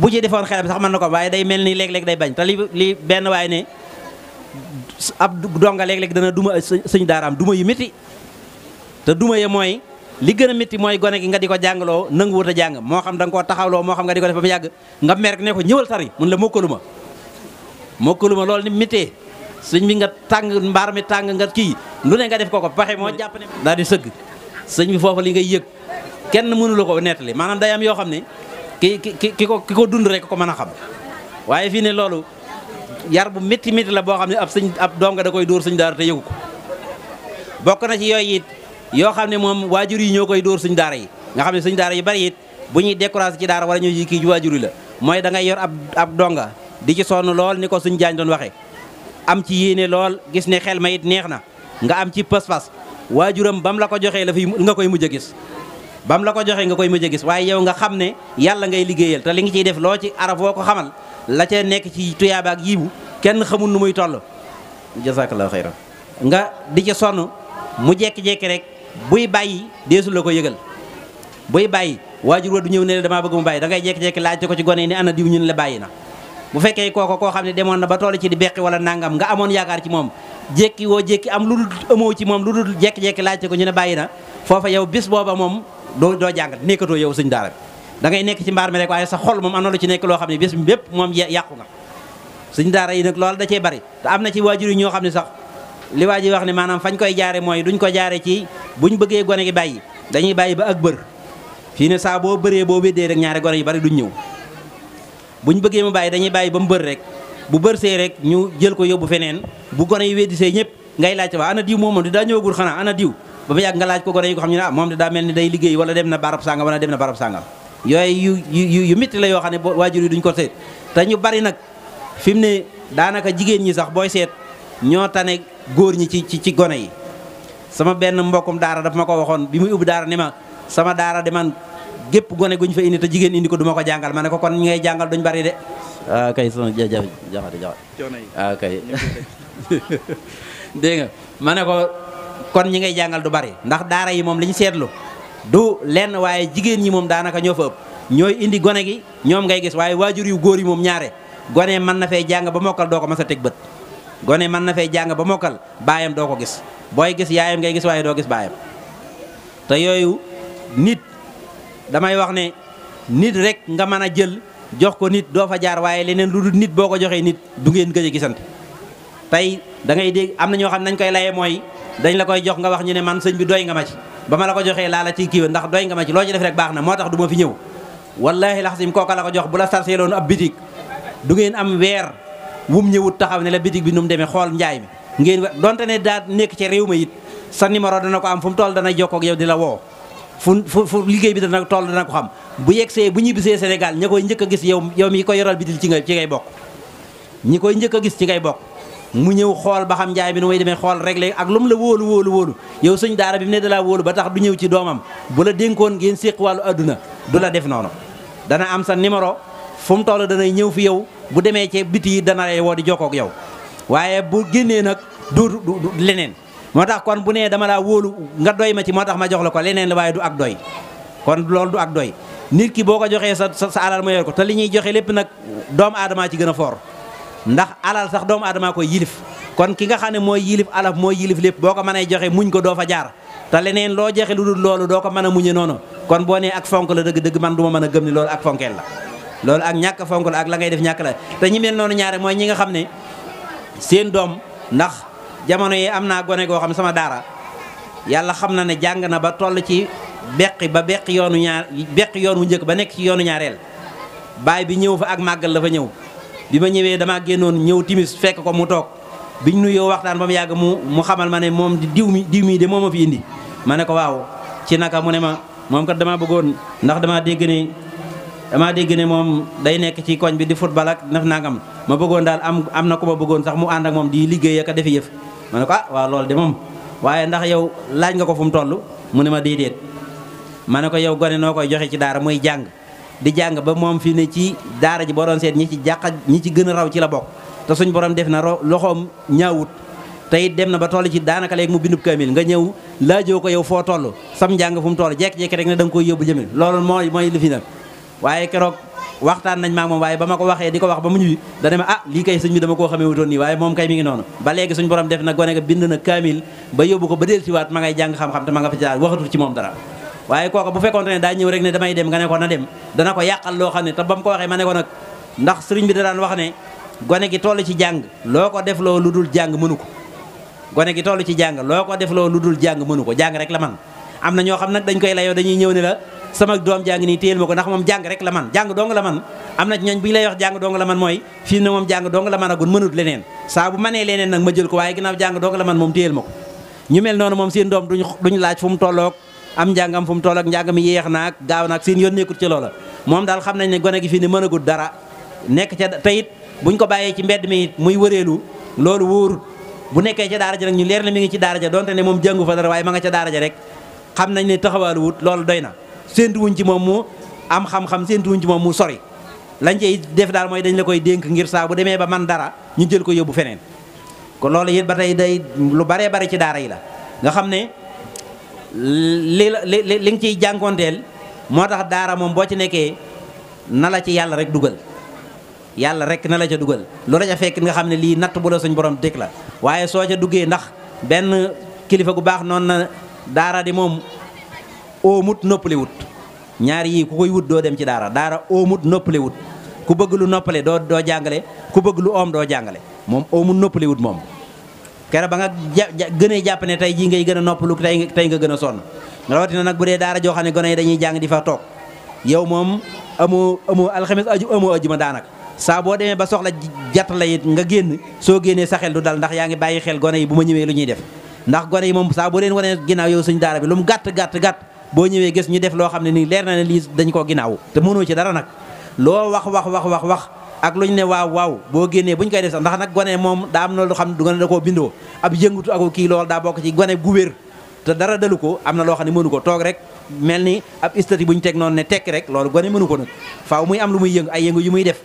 C: bu ci defoon xelam sax mën na ko waaye day mel ni léeg-léeg day bañ te li li benn waay ne ab donga léeg-léeg dana duma sëñ daaraam duma yu métti te duma ya mooy li gën a métti mooy gone gi nga di ko jàngaloo nanguwut a jàng moo xam da nga koo taxawloo moo xam nga di ko def ba mu yàgg nga mer ne ko ñëwal tari mun la mokkal ma sëñ bi nga tang mbar mi tang nga ki lu ne nga def koko ko mo japp ne dal di seug sëñ bi fofu li nga yek kenn mënu lako netali manam day am yo xam ki ki ki ko ki ko dund rek ko mën xam waye fi ne lolu yar bu metti metti la bo xam ab sëñ ab do nga da koy dóor sëñ dara te yeguko bok na ci yoy yi yo xam mom moom waajur yi ñoo koy dóor sëñ yi nga xam ne dara yi bari yi bu ñuy ci dara wala ñuy ki ci yi la moy da nga yor ab ab donga di ci sonu lol ni ko suñ jaañ doon am ci yéene lool gis ne xel ma it neex na nga am ci pas-pas waajuram bam la ko joxee la fi nga koy mujj a gis ba mu la ko joxee nga koy mujj a gis waaye yow nga xam ne yàlla ngay liggéeyal te li nga ciy def loo ci araf woo ko xamal la ca nekk ci tuyaaba ak yiibu kenn xamul nu muy toll jazakallahu xayran nga di ci sonn mu jekki-jekki rek buy bàyyi deesu la ko yëgal buy bàyyi waajur wa du ñëw ne la damaa bëgg mu bàyyi da ngay jekki-jekki laajte ko ci gone yi ne ana diw ñun la bàyyi na bu fekkee kooko koo xam ne demoon na ba toll ci di beqi wala nangam nga amoon yaakaar ci moom jékki woo jékki am lu dul amoo ci moom lu dul jékki-jékki laajte ko ñu ne bàyyi na foofa yow bis booba moom doo doo jàngat nekkatoo yow suñ daara bi da ngay nekk ci mbaar mi rek waaye sa xol moom am na lu ci nekk loo xam ne bis bépp moom yàqu nga suñ daara yi nag loolu da cee bari te am na ci waajur ñoo xam ne sax li waa ji wax ne maanaam fañ koy jaare mooy duñ ko jaare ci buñ bëggee gone gi bàyyi dañuy bàyyi ba ak bër fii ne saa boo bëree boo wéddee rek ñaari gone yi bari duñ ñëw buñ bëggee mu bàyyi dañuy bàyyi ba mu bër rek bu bër see rek ñu jël ko yóbbu feneen bu gone yi weddi see ñëpp ngay laajte waa ana diw moomoon di daa ñëwagul xanaa ana diw ba mu yàgg nga laaj ko gone yi ko xam ñu ne ah moom de daa mel ni day liggéey wala dem na barab sàngam wala dem na barab sàngam yooyu yu yu yu métti la yoo xam ne waajur yi duñ ko seet te ñu bari nag fi mu ne daanaka jigéen ñi sax booy seet ñoo tane góor ñi ci ci ci gone yi sama benn mbokkum daar daf ma ko waxoon bi muy ubbi daara ne ma gep gone guñ fa indi ta jigen indi ko duma ko jangal mané ko kon ñi ngay jangal duñ bari dé ah kay sama jaxate jaxate ah kay dégg nga ko kon ñi ngay jangal du bari ndax daara yi mom liñ sétlu du lenn waye jigen yi mom daanaka ñoo fa ñoy indi gone gi ñom ngay gis waye wajur yu goor yi mom ñaaré gone man na fay jang ba mokal doko ko tek a gone na fay jang ba mokal bayam doko gis boy gis yaayam ngay gis waye do gis bayam ta yoyu nit damay wax ne nit rek nga mën a jël jox ko nit doo fa jaar waaye leneen lu dul nit boo ko joxee nit du ngeen gëj a gisante tey da ngay dégg am na ñoo xam ne nañ koy laye mooy dañ la koy jox nga wax ñu ne man sëñ bi doy nga ma ci ba la ko joxee laa la ci kiiwa ndax doy nga ma ci loo ci def rek baax na moo tax du ma fi ñëw wallaahi laxasim kooka la ko jox bu la sarseeloonu ab bitig du ngeen am weer wum ñëwut taxaw ne la bitig bi nu mu demee xool njaay mi ngeen donte ne daa nekk ca réew ma it sa numéro dana ko am fu mu toll dana jokkoo ak yow di la woo fu fu fu liggéey bi dana toll dana ko xam bu yegsee bu ñibbisee Sénégal ña koy njëkk a gis yow yow mi ko yoral bitil ci ngay ci ngay bokk ñi koy njëkk a gis ci ngay bokk mu ñëw xool ba xam njaay bi nu may demee xool rek léegi ak lu mu la wóolu wóolu yow sëñ daara bi mu ne dalaa laa wóolu ba tax du ñëw ci doomam bu la dénkoon ngeen séq wàllu àdduna du la def noonu dana am sa numéro fu mu toll danay ñëw fi yow bu demee ci biti yi dana lay woo di jokkoo yow waaye bu génnee nag du leneen moo tax kon bu nee dama laa wóolu nga doy ma ci moo tax ma jox la ko leneen la waaye du ak doy kon loolu du ak doy nit ki boo ko joxee sa sa alal ma ko te li ñuy joxe lépp nag doomu aadamaa ci gën a foor ndax alal sax doomu aadamaa koy yilif kon ki nga xam ne mooy yilif alal mooy yilif lépp boo ko mënee joxe muñ ko doo fa jaar te loo joxe lu loolu doo ko mën a muñe noonu kon boo nee ak fonk la dëgg-dëgg man du ma mën a gëm ni loolu ak fonkeel la loolu ak ñàkk fonk la ak la ngay def ñàkk la te ñi noonu ñaare mooy ñi nga xam ne seen doom ndax jamono yi amna goné go xam sama dara yalla xamna na ne na ba toll ci bekk ba bekk yoonu ñaar bekk yoonu wu ba nek ci yoonu ñaarel bay bi ñëw fa ak magal la fa ñëw bima ma dama damaa timis fekk ko mu tok biñ nuyo waxtaan bam yag mu mu xamal mané mom di diiw mi mana mi de moma fi indi mané ko waaw ci naka mu ne ma mom kat dama bëggoon ndax dama dégg dama dégg mom day nekk ci koñ bi di football ak naf nangam ma bëggoon dal am amna ko ku ma bëggoon sax mu and ak mom di liggéey ak def yëf ma ne ko ah waaw lool de moom waaye ndax yow laaj nga ko fu mu toll mu ne ma déedéet ma ne ko yow gone noo koy joxe ci daara muy jàng di jàng ba moom fi ne ci daara ji boo doon seet ñi ci jàqa ñi ci gën a raw ci la bokk te suñ borom def na loxoom ñaawut te it dem na ba toll ci daanaka léegi mu bindub kaamil nga ñëw laajoo ko yow foo toll sam njàng fu mu toll jekk-jekk rek ne da nga koy yóbbu jëme loolu mooy mooy li fi nag waaye keroog waxtaan nañ maag moom waaye ba ma ko waxee di ko wax ba mu ñibbi da dema ah lii kay sëñ bi dama koo xamee wutoon nii waaye moom kay mi noonu ba léegi suñ borom def na gone ga bind na kaamil ba yóbbu ko ba del ci waat ma ngay jàng xam-xam te ma nga fa ci daal waxatul ci moom dara waaye kooka bu fekkoonte ne daa ñëw rek ne damay dem nga ne ko na dem dana ko yàqal loo xam ne te ba mu ko waxee ma ne ko nag ndax sëriñ bi da daan wax ne gone gi toll ci jàng loo ko def lu dul jàng mënu ko gone gi toll ci jàng loo ko def loo lu dul jàng mënu ko jàng rek la man am na ñoo xam nag dañ koy layoo dañuy ñëw ne la sama doom jàng nii téyel ma ko ndax moom jàng rek la man jàng dong la man am na ci ñooñ bu ñu lay wax jàng dong la man mooy fii ne moom jàng dong la man agun mënut leneen saa manee leneen nag ma jël ko waaye ginnaaw jàng dong la man moom téyel ma ko ñu mel noonu moom seen doom duñ duñu laaj fu mu tolloog am njàngam fu mu tolloog njàng mi yeex naag gaaw naag seen yoon nekkul ci loola moom daal xam nañ ne gone gi fii ne mënagul dara nekk ca teyit buñ ko bàyyee ci mbedd mi muy wëreelu loolu wóorut bu nekkee ca daara ja nag ñu leer na mi ngi ci daara ja donte ne moom jàngu fa dara waaye ma nga ca daara rek xam nañ ne taxawaalu wut loolu doy na séntu wuñ ci moom mu am xam-xam séntu wuñ ci moom mu sori lañ cey def daal mooy dañ la koy dénk ngir saa bu demee ba man dara ñu jël ko yóbbu feneen kon loolu it ba tey day lu baree bari ci daara yi la nga xam ne li li li nga ciy jànkoonteel moo tax daara moom boo ci nekkee na la ci yàlla rek dugal yàlla rek na la ca dugal loola ca fekk nga xam ne lii natt bu la sañ borom dëkk la waaye soo ca duggee ndax benn kilifa gu baax noonu na di moom óomut noppaliwut ñaar yii ku koy wut doo dem ci daara daara óomut noppalewut ku bëgg lu noppale doo doo jàngale ku bëgg lu oom doo jàngale moom óomut noppaliwut moom kere ba nga gënee jàpp ne tey jii ngay gën a noppalu tey tey nga gën a sonn rawatina nag bu dee daara joo xam ne gone yi dañuy jàng di fa toog yow moom amoo amoo alxames aju amoo ajuma daanaka saa boo demee ba soxla jat la it nga génn soo génnee sa xel du dal ndax yaa ngi bàyyi xel gone yi bu ma ñëwee lu ñuy def ndax gone yi moom saa boo leen wanee ginnaaw yow suñ daara bi lu mu gàtt gàtt gàtt boo ñëwee gis ñu def loo xam ne nii leer na ne lii dañ koo ginnaaw te mënoo ci dara nag loo wax wax wax wax wax ak lu ñu ne waaw waaw boo génnee bu ñu koy def sax ndax nag gone moom da am na lu xam du gone da koo bindoo ab yëngatu ak kii loolu daa bokk ci gone gu wér te dara dalu ko am na loo xam ne mënu ko toog rek mel ni ab istati bu ñu teg noonu ne tekki rek loolu gone mënu ko nag faaw muy am lu muy yëngu ay yëngu yu muy def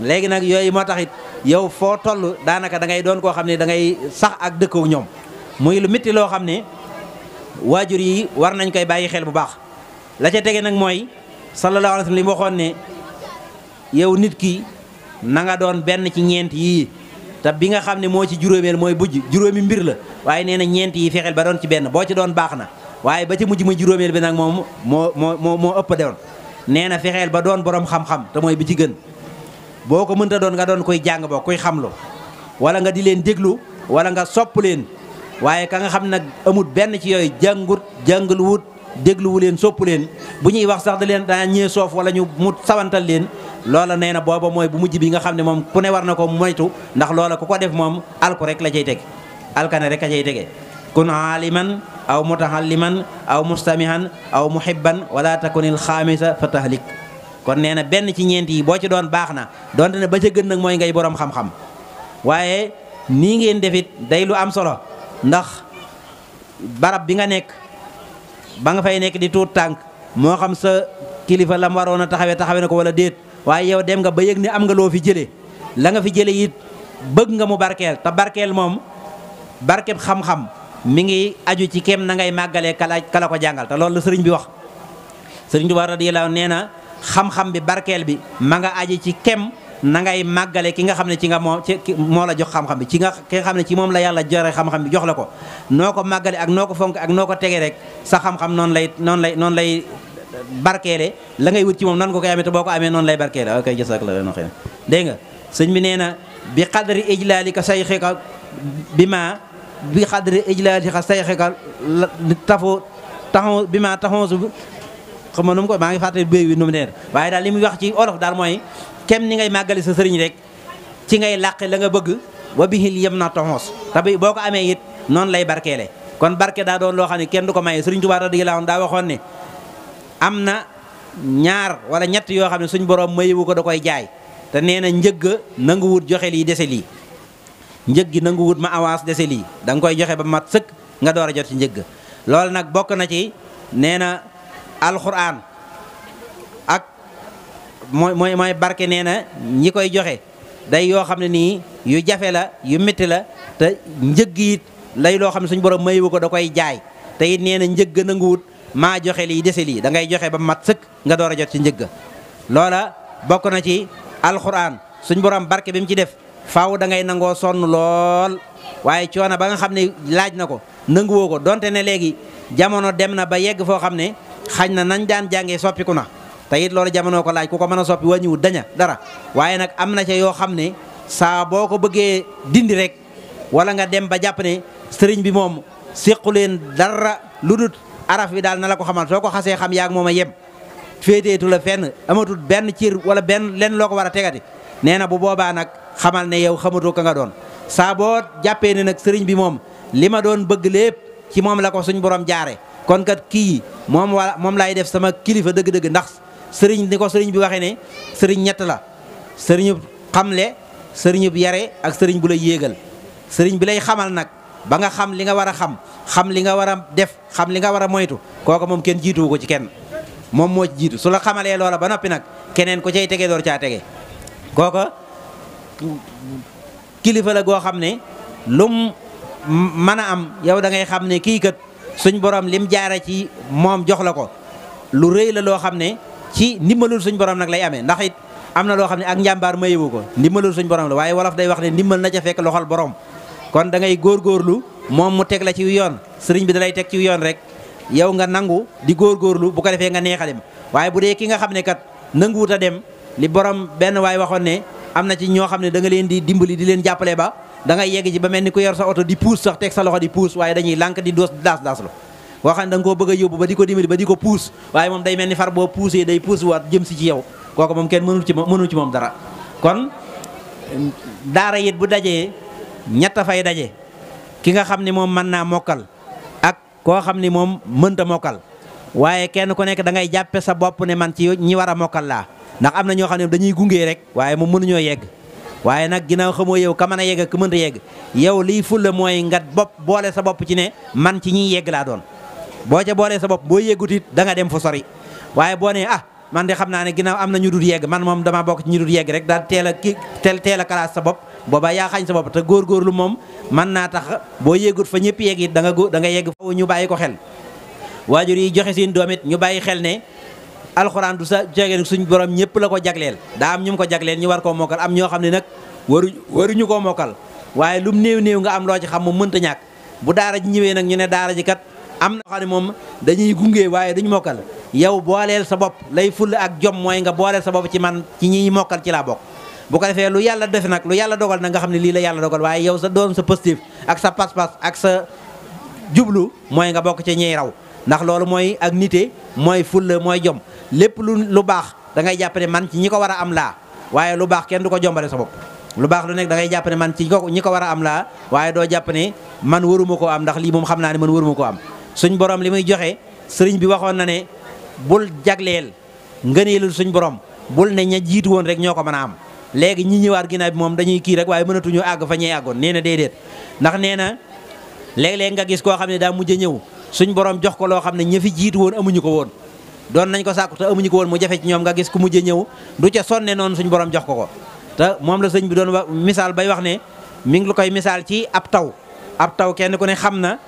C: léegi nag yooyu moo taxit yow foo toll daanaka dangay doon koo xam ne da ngay sax ak dëkkaw ñoom muy lu métti loo xam ne waajur yi war nañ koy bàyyi xel bu baax la ca tege nag mooy sallallahu alayhi li mu waxoon ne yow nit ki na nga doon benn ci ñeent yii te bi nga xam ne moo ci juróomeel mooy bujj juróomi mbir la waaye nee na ñeent yi fexeel ba doon ci benn boo ci doon baax na waaye ba ci mujj muy juróomeel bi nag moom moo moo moo moo ëpp doon nee fexeel ba doon borom xam-xam te mooy bi ci gën boo ko mënta doon nga doon koy jàng boo koy xamlu wala nga di leen déglu wala nga sopp leen waaye ka nga xam nag amut benn ci yooyu jàngut jàngaluwut dégluwu leen soppu leen bu ñuy wax sax da leen daa ñee soof wala ñu mu sawantal leen loola nee na booba mooy bu mujj bi nga xam ne moom ku ne war na ko moytu ndax loola ku ko def moom alku rek la cay teg alkane rek la cay tege kun aaliman aw mutahalliman aw mustamihan aw muhibban wala takunil xaamisa fa tahlik kon nee na benn ci ñeent yi boo ci doon baax na donte ne ba ca gën nag mooy ngay borom xam waaye nii ngeen defit day lu am solo ndax barab bi nga nekk ba nga fay nekk di tuut tànk moo xam sa kilifa la mu waroon a taxawee taxawe na ko wala déet waaye yow dem nga ba yëg ne am nga loo fi jëlee la nga fi jëlee it bëgg nga mu barkeel te barkeel moom barkeb xam-xam mi ngi aju ci kem na ngay màggalee kala kala ko jàngal te loolu la sëriñ bi wax sëriñ Tuubaa radiyallaahu nee na xam-xam bi barkeel bi ma nga aji ci kem na ngay màggale ki nga xam ne ci nga moo ci moo la jox xam bi ci nga ki xam ne ci moom la yàlla jore xam-xam bi jox la ko noo ko màggale ak noo ko fonk ak noo ko tegee rek sa xam-xam noonu lay noonu lay noonu lay barkeele la ngay wut ci moom nan ko koy amee te boo ko amee noonu lay barkeele ok jasaak la leen xëy dégg nga sëñ bi nee na bi xadri ijlaalika sayxika bi ma bi xadri ijlaalika sayxika tafu taxu bi ma taxonsu xam nga ko maa ngi fàtte béy wi nu mu neer waaye daal li muy wax ci olof daal mooy kem ni ngay màggale sa sëriñ rekk ci ngay làq la nga bëgg wa bihil yem na toxoos te boo ko amee it noonu lay barkeele kon barke daa doon loo xam ne kenn du ko maye sëriñ Tuubaa di anhu daa waxoon ne am na ñaar wala ñett yoo xam ne suñ borom mayewu ko da koy jaay te nee na njëgg nanguwut joxe lii dese lii njëg gi nanguwut ma avance dese lii da nga koy joxe ba mat sëkk nga door a jot ci njëgg loolu nag bokk na ci nee na alxuraan mooy mooy mooy barke nee na ñi koy joxe day yoo xam ne nii yu jafe la yu métti la te njëgg it lay loo xam suñ borom mayu ko da koy jaay tey it nee na njëgg nanguwut maa joxe lii dese lii da ngay joxe ba mat sëkk nga door a jot ci njëgg loola bokk na ci alxuraan suñ borom barke bi mu ci def faaw da ngay nangoo sonn lool waaye coono ba nga xam ne laaj na ko nanguwoo ko donte ne léegi jamono dem na ba yegg foo xam ne xañ na nañ daan jàngee soppiku na. te it loolu jamono ko laaj ku ko mën a soppi wàññiwut daña dara waaye nag am na ca yoo xam ne saa boo ko bëggee dindi rek wala nga dem ba jàpp ne sëriñ bi moom séqu leen dara lu dut araf bi daal na la ko xamal soo ko xasee xam yaag moom a yem féeteetu la fenn amatul benn ciir wala benn lenn loo ko war a tegati nee na bu boobaa nag xamal ne yow xamatoo ka nga doon saa boo jàppee ne nag sëriñ bi moom li ma doon bëgg lépp ci moom la ko suñ boroom jaare kon kii moom wala moom laay def sama kilifa dëgg-dëgg ndax sëriñ ni ko sëriñ bi waxee ne sëriñ ñett la sëriñub xamle sëriñub yare ak sëriñ bu lay yéegal sëriñ bi lay xamal nag ba nga xam li nga war a xam xam li nga war a def xam li nga war a moytu kooka moom kenn jiituwu ko ci kenn moom moo ci jiitu su la xamalee loola ba noppi nag keneen ku cay tege door caa tege kooka kilifa la goo xam ne lum mën am yow dangay xam ne kii kat suñ borom lim jaara ci moom jox la ko lu rëy la loo xam ne ci ndimbalul suñ borom nag lay amee ndaxit am na loo xam ne ak njàmbaar mayewu ko ndimbalul suñ borom la waaye wolof day wax ne ndimbal na ca fekk loxol borom kon da ngay góorgóorlu moom mu teg la ci yoon sëriñ bi dalay teg ci yoon rek yow nga nangu di góor góorlu bu ko defee nga dem waaye bu dee ki nga xam ne kat nanguwut a dem li borom benn waay waxoon ne am na ci ñoo xam ne danga leen di dimbali di leen jàppale ba da ngay yegg ci ba mel ni ku yor sa oto di puus sax teg sa loxo di puus waaye dañuy lànk di doos daas daas la koo xam ne da koo bëgg yóbbu ba di ko dimbali ba di ko puus waaye moom day mel ni far boo puusee day puus waat jëm si ci yow kooku moom kenn mënul ci mënul ci moom dara kon daara yit bu dajee ñett fay daje ki nga xam ne moom mën naa mokkal ak koo xam ne moom mënta mokkal waaye kenn ku nekk da ngay jàppe sa bopp ne man ci ñi war a mokkal laa ndax am na ñoo xam ne dañuy gungee rek waaye moom mënuñoo yegg waaye nag ginnaaw xamoo yow ka mën a yegg ak ka mënta yegg yow liy fulla mooy nga bopp boole sa bopp ci ne man ci ñiy yegg laa doon boo ca boolee sa bopp boo yeggut it da nga dem fu sori waaye boo nee ah man de xam naa ne ginnaaw am na ñu dul yegg man moom dama bokk ci ñu dul yegg rek daa teel a kii teel teel a kalaas sa bopp booba yaa xañ sa bopp te góorgóorlu moom mën naa tax boo yeggut fa ñëpp yegg it danga nga da nga yegg foofu ñu bàyyi ko xel waajur yi joxe seen doom it ñu bàyyi xel ne alxuraan du sa jógeen suñ borom ñëpp la ko jagleel daa am ñu mu ko jagleel ñu war koo mokkal am ñoo xam ne nag waru waruñu koo mokkal waaye lum néew néew nga am loo ci xam mu mënta ñàkk bu am na xam mom dañuy gungé waye dañu mokal yow booleel sa bop lay ful ak jom moy nga booleel sa bop ci man ci ñi mokal ci la bok bu ko defé lu yalla def nak lu yalla dogal na nga xamni li la yalla dogal waye yow sa doon sa positif ak sa pas-pas ak sa jublu moy nga bok ci ñi raw ndax lolu moy ak nité moy ful moy jom lepp lu lu bax da ngay jàpp man ci ñi ko wara am la waye lu bax kenn du ko jombalé sa bop lu bax lu nek da ngay man ci ñi ko wara am la waye do jàpp man waruma am ndax li mom xamna man waruma am suñ borom li muy joxe sëriñ bi waxoon na ne bul jagleel ngëneelul suñ borom bul ne ña jiitu woon rek ñoo ko mën a am léegi ñi ñëwaat ginnaaw bi moom dañuy kii rek waaye mënatuñu àgg fa ñee àggoon nee na déedéet ndax nee na léeg nga gis koo xam ne daa mujj a ñëw suñ borom jox ko loo xam ne ña fi jiitu woon amuñu ko woon doon nañ ko saaku te amuñu ko woon mu jafe ci ñoom nga gis ku mujj ñëw du ca sonne noonu suñ boroom jox ko ko te moom la sëñ bi doon misaal bay wax ne mi ngi la koy misaal ci ab taw ab taw kenn ku ne xam na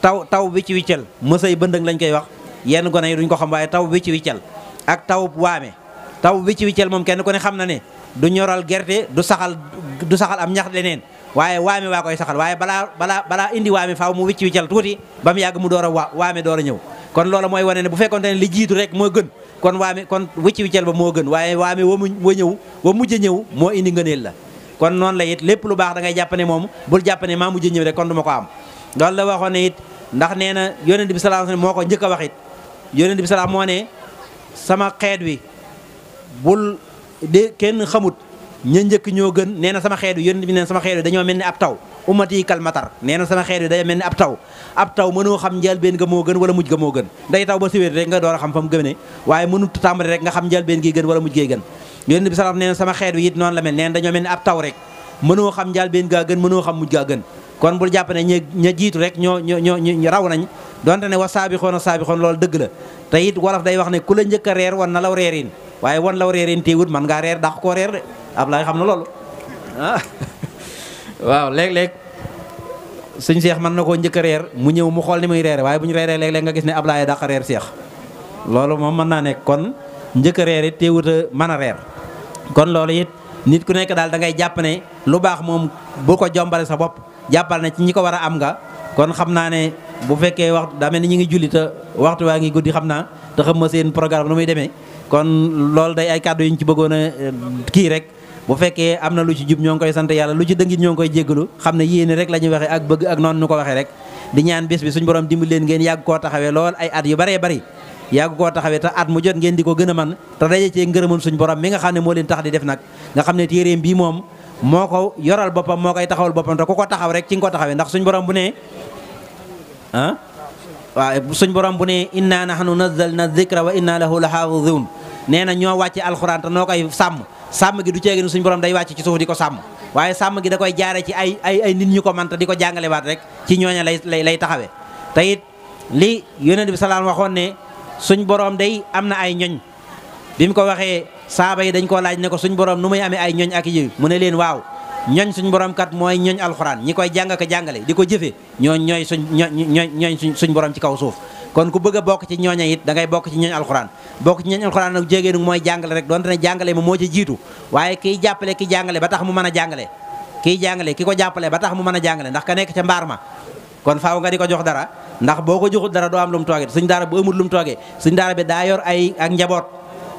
C: taw taw wicc wiccal mësay bëndëng lañ koy wax yenn gone yi duñ ko xam waaye taw wicc wiccal ak taw waame taw wicc wiccal moom kenn ku ne xam na ne du ñoral gerte du saxal du saxal am ñax leneen waaye waame waa koy saxal waaye balaa balaa balaa indi waame faaw mu wicc wiccal tuuti ba mu yàgg mu doora a waame doora a ñëw kon loola mooy wane ne bu fekkonte ne li jiitu rek moo gën kon waame kon wicc wiccal ba moo gën waaye waame wa mu wa ñëw wa mujj ñëw moo indi ngëneel la kon noonu la it lépp lu baax da ngay jàpp ne moom bul jàpp ne maa mujj a ñëw rek kon du ma ko am ndax nee na yonent bi sallallahu alayhi moo ko njëkk a waxit bi sallallahu moo ne sama xeet wi bul de kenn xamut ña njëkk ñoo gën nee na sama xeet wi bi nee sama xeet dañoo mel ni ab taw ummati kal matar nee na sama xeet wi mel ni ab taw ab taw mënoo xam njëlbeen ga moo gën wala muj ga moo gën day taw ba siwéet rek nga door a xam fa mu gën waaye mënut tàmbali rek nga xam njëlbeen gi gën wala mujj gay gën yonent bi sallallahu nee sama xeet wi it noonu la mel nee dañoo mel ni ab taw rek mënoo xam njalbeen gaa gën mënoo xam mujj gaa gën kon bul jàpp ne ña ña jiitu rek ñoo ñoo ñoo raw nañ donte ne wa saabixoon a saabixoon loolu dëgg la te wolof day wax ne ku la njëkk a reer wan na law reerin waaye wan law reerin wut man ngaa reer dàq koo reer de laay xam na loolu ah waaw léeg-léeg na koo njëkk a reer mu ñëw mu xool ni muy reere waaye bu ñu reeree léeg-léeg nga gis ne ab laay dàq seex loolu moom mën naa nekk kon njëkk reer it téewut a reer kon loolu it nit ku nekk daal da ngay jàpp ne lu baax moom bu ko jombale sa bopp jàppal na ci ñi ko war a am nga kon xam naa ne bu fekkee wax dama mel ni ñu ngi jullita waxtu waa ngi guddi xam naa te xam ma seen programme nu muy demee kon loolu day ay kàddu yu ñu ci bëggoon a eh, kii rek bu fekkee am na lu ci jub ñoo ngi koy sant yàlla lu ci dëngit ñoo ngi koy jéggalu xam ne yéene rek la ñuy waxee ak bëgg ak noonu nu ko waxee rek di ñaan bés bi suñ borom dimb leen ngeen yàgg koo taxawee lool ay at yu baree bari yàgg koo taxawee te at mu jot ngeen di ko gën a man te daje cee ngërëmal suñu borom mi nga xam ne moo leen tax di def nag nga xam ne téeréem bii moom moo ko yoral boppam moo koy taxawal boppam te ku ko taxaw rek ci nga ko taxawee ndax suñ borom bu ne ah waaw suñ borom bu ne inna nahnu nazzalna dhikra wa inna lahu la xaafidun nee na ñoo wàcce alxuraan te noo koy sàmm sàmm gi du ceegi ni suñ borom day wàcc ci suuf di ko sàmm waaye sàmm gi da koy jaare ci ay ay nit ñu ko manta di ko jàngale waat rek ci ñooña lay lay lay taxawee te it li yonent bi salaan waxoon ne suñ borom day am na ay ñoñ bi mu ko waxee saaba yi dañ ko laaj ne ko suñ borom numay amé ay ñooñ ak yi mu ne leen waaw ñooñ suñ borom kat moy ñooñ alcorane ñi koy jàng ko jàngale di ko ñooñ ñoy suñ ñooñ ñooñ suñ borom ci kaw suuf kon ku bëgg bok ci ñooña yi da ngay bok ci ñooñ alcorane bok ci ñooñ alcorane nak jégué nu moy jangale rek donte ne jangale mo mo ci jitu waye kiy jappalé ki jangale ba tax mu mëna jangale kiy jàngale ki ba tax mu mëna jangale ndax ka nekk ci mbarma kon faaw nga diko jox dara ndax boko joxul dara do am lum toge toogee dara amul lum toge dara be da yor ay ak njabot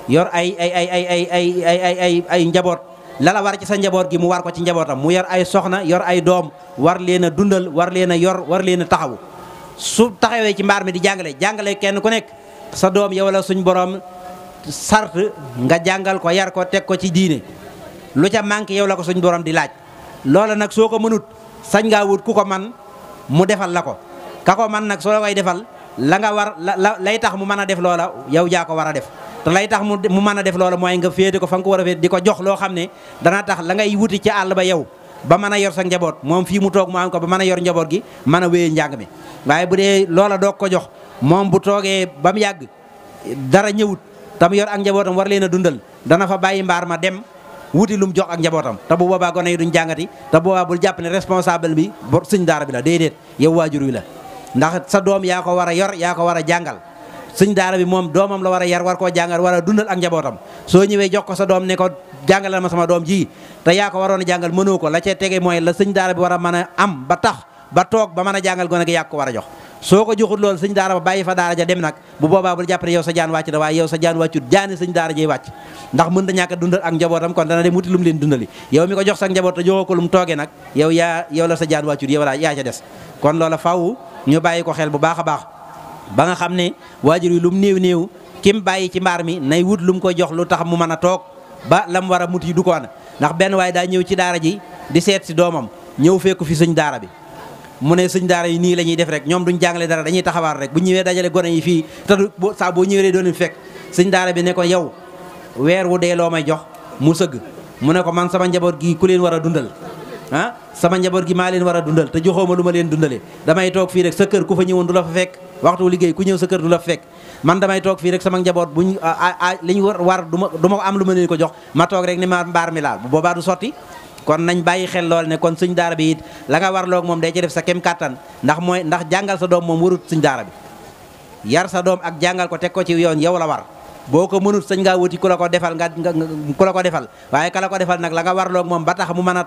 C: yor ay ay ay ay ay ay ay ay ay njaboot lala war ci sa njaboot gi mu war ko ci njabootam mu yor ay soxna yor ay doom war leen a dundal war leen a yor war leen a taxawu su taxawee ci mbaar mi di jàngale jàngale kenn ku nekk sa doom yow la suñ borom sart nga jàngal ko yar ko teg ko ci diine lu ca manqué yow la ko suñ borom di laaj loola nag soo ko mënut sañ ngaa wut ku ko man mu defal la ko ka ko man nag soo koy defal la nga war la lay tax mu mën a def loola yow jaa ko war a def te lay tax mu mu mën a def loola mooy nga féete ko fa nga ko war a di ko jox loo xam ne dana tax la ngay wuti ci àll ba yow ba mën a yor sa njaboot moom fii mu toog mu am ko ba mën a yor njaboot gi mën a wéyee njàng mi waaye bu dee loola doog ko jox moom bu toogee ba mu yàgg dara ñëwut tam yor ak njabootam war leen a dundal dana fa bàyyi mbaar ma dem wuti lum jox ak njabootam te bu boobaa gone yi duñ jàngati te boobaa bul jàpp ne responsable bi bor sëñ daara bi la déedéet yow waajur wi la ndax sa doom yaa ko war a yor yaa ko war a jàngal sëñ daara bi moom doomam la war a yar war koo jàngal war a dundal ak njabootam soo ñëwee jox ko sa doom ne ko jàngalal ma sama doom ji te yaa ko waroon a jàngal mënoo ko la cee tege mooy la sëñ daara bi war a mën a am ba ba toog ba mën a jàngal gone gi yaa ko war a jox soo ko loolu sëñ daara ba bàyyi fa daara ja dem nag bu boobaa bul jàpp ne yow jaan wàcc da waaye yow sa jaan wàccut jaani sëñ daara jay wàcc ndax mën da ñàkk a dundal kon dana dem wuti lu mu leen dundali yow mi ko jox sa njaboot te joxoo ko toogee nag yow yaa yow la sa jaan wàccut yow la yaa ca des kon loola faw ñu bàyyi ko xel bu baax baax ba nga xam ne waajur wi lu mu néew néew kim bàyyi ci mbaar mi nay wut lu mu ko jox lu tax mu mën a toog ba lam war a mut yi du ko na ndax benn waaye daa ñëw ci daara ji di seet si doomam ñëw fekku fi sëñ daara bi mu ne sëñ daara yi nii la ñuy def rek ñoom duñ jàngale dara dañuy taxawaat rek bu ñëwee dajale gone yi fii te du saa boo ñëwee doon fekk sëñ daara bi ne ko yow weer wu dee loo may jox mu sëgg mu ne ko man sama njaboot gi ku leen war a dundal ah sama njaboot gi maa leen war a dundal te joxoo ma lu leen dundalee damay toog fii rek sa kër ku fa ñëwoon du la fa fekk waxtu liggey ku ñew sa kër du la fekk man damay tok fi rek sama njabot buñ liñ war war duma am lu ma ko jox ma tok rek ni ma mbar mi laal boba du soti kon nañ bayyi xel lol ne kon suñ daara bi it la nga war lok mom day ci def sa kem katan ndax moy ndax jangal sa dom mom warut suñ daara bi yar sa dom ak jangal ko tek ko ci yoon yow la war boko mënut sañ nga wuti kula ko defal nga kula ko defal waye kala ko defal nag la nga lok mom ba tax mu mën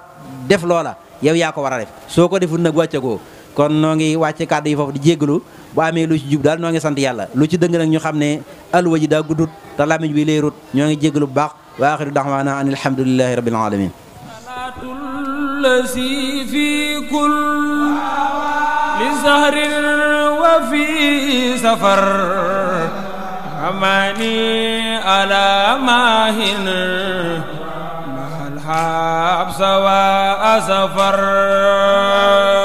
C: def lola yow ya ko wara def soko defun nak nag kon no ngi wàcce kaddu yi fofu di jéglu bu amé lu ci jub dal no ngi sant yalla lu ci dëng nak ñu xamné al alwa ji daa guddut lamiñ bi leerut ño ngi jéglu bu baax wa axiru daxwaana anil hamdulillahi rabbil alamin
A: الذي في كل لزهر وفي سفر أماني على ماهن
B: مع الحبس وأسفر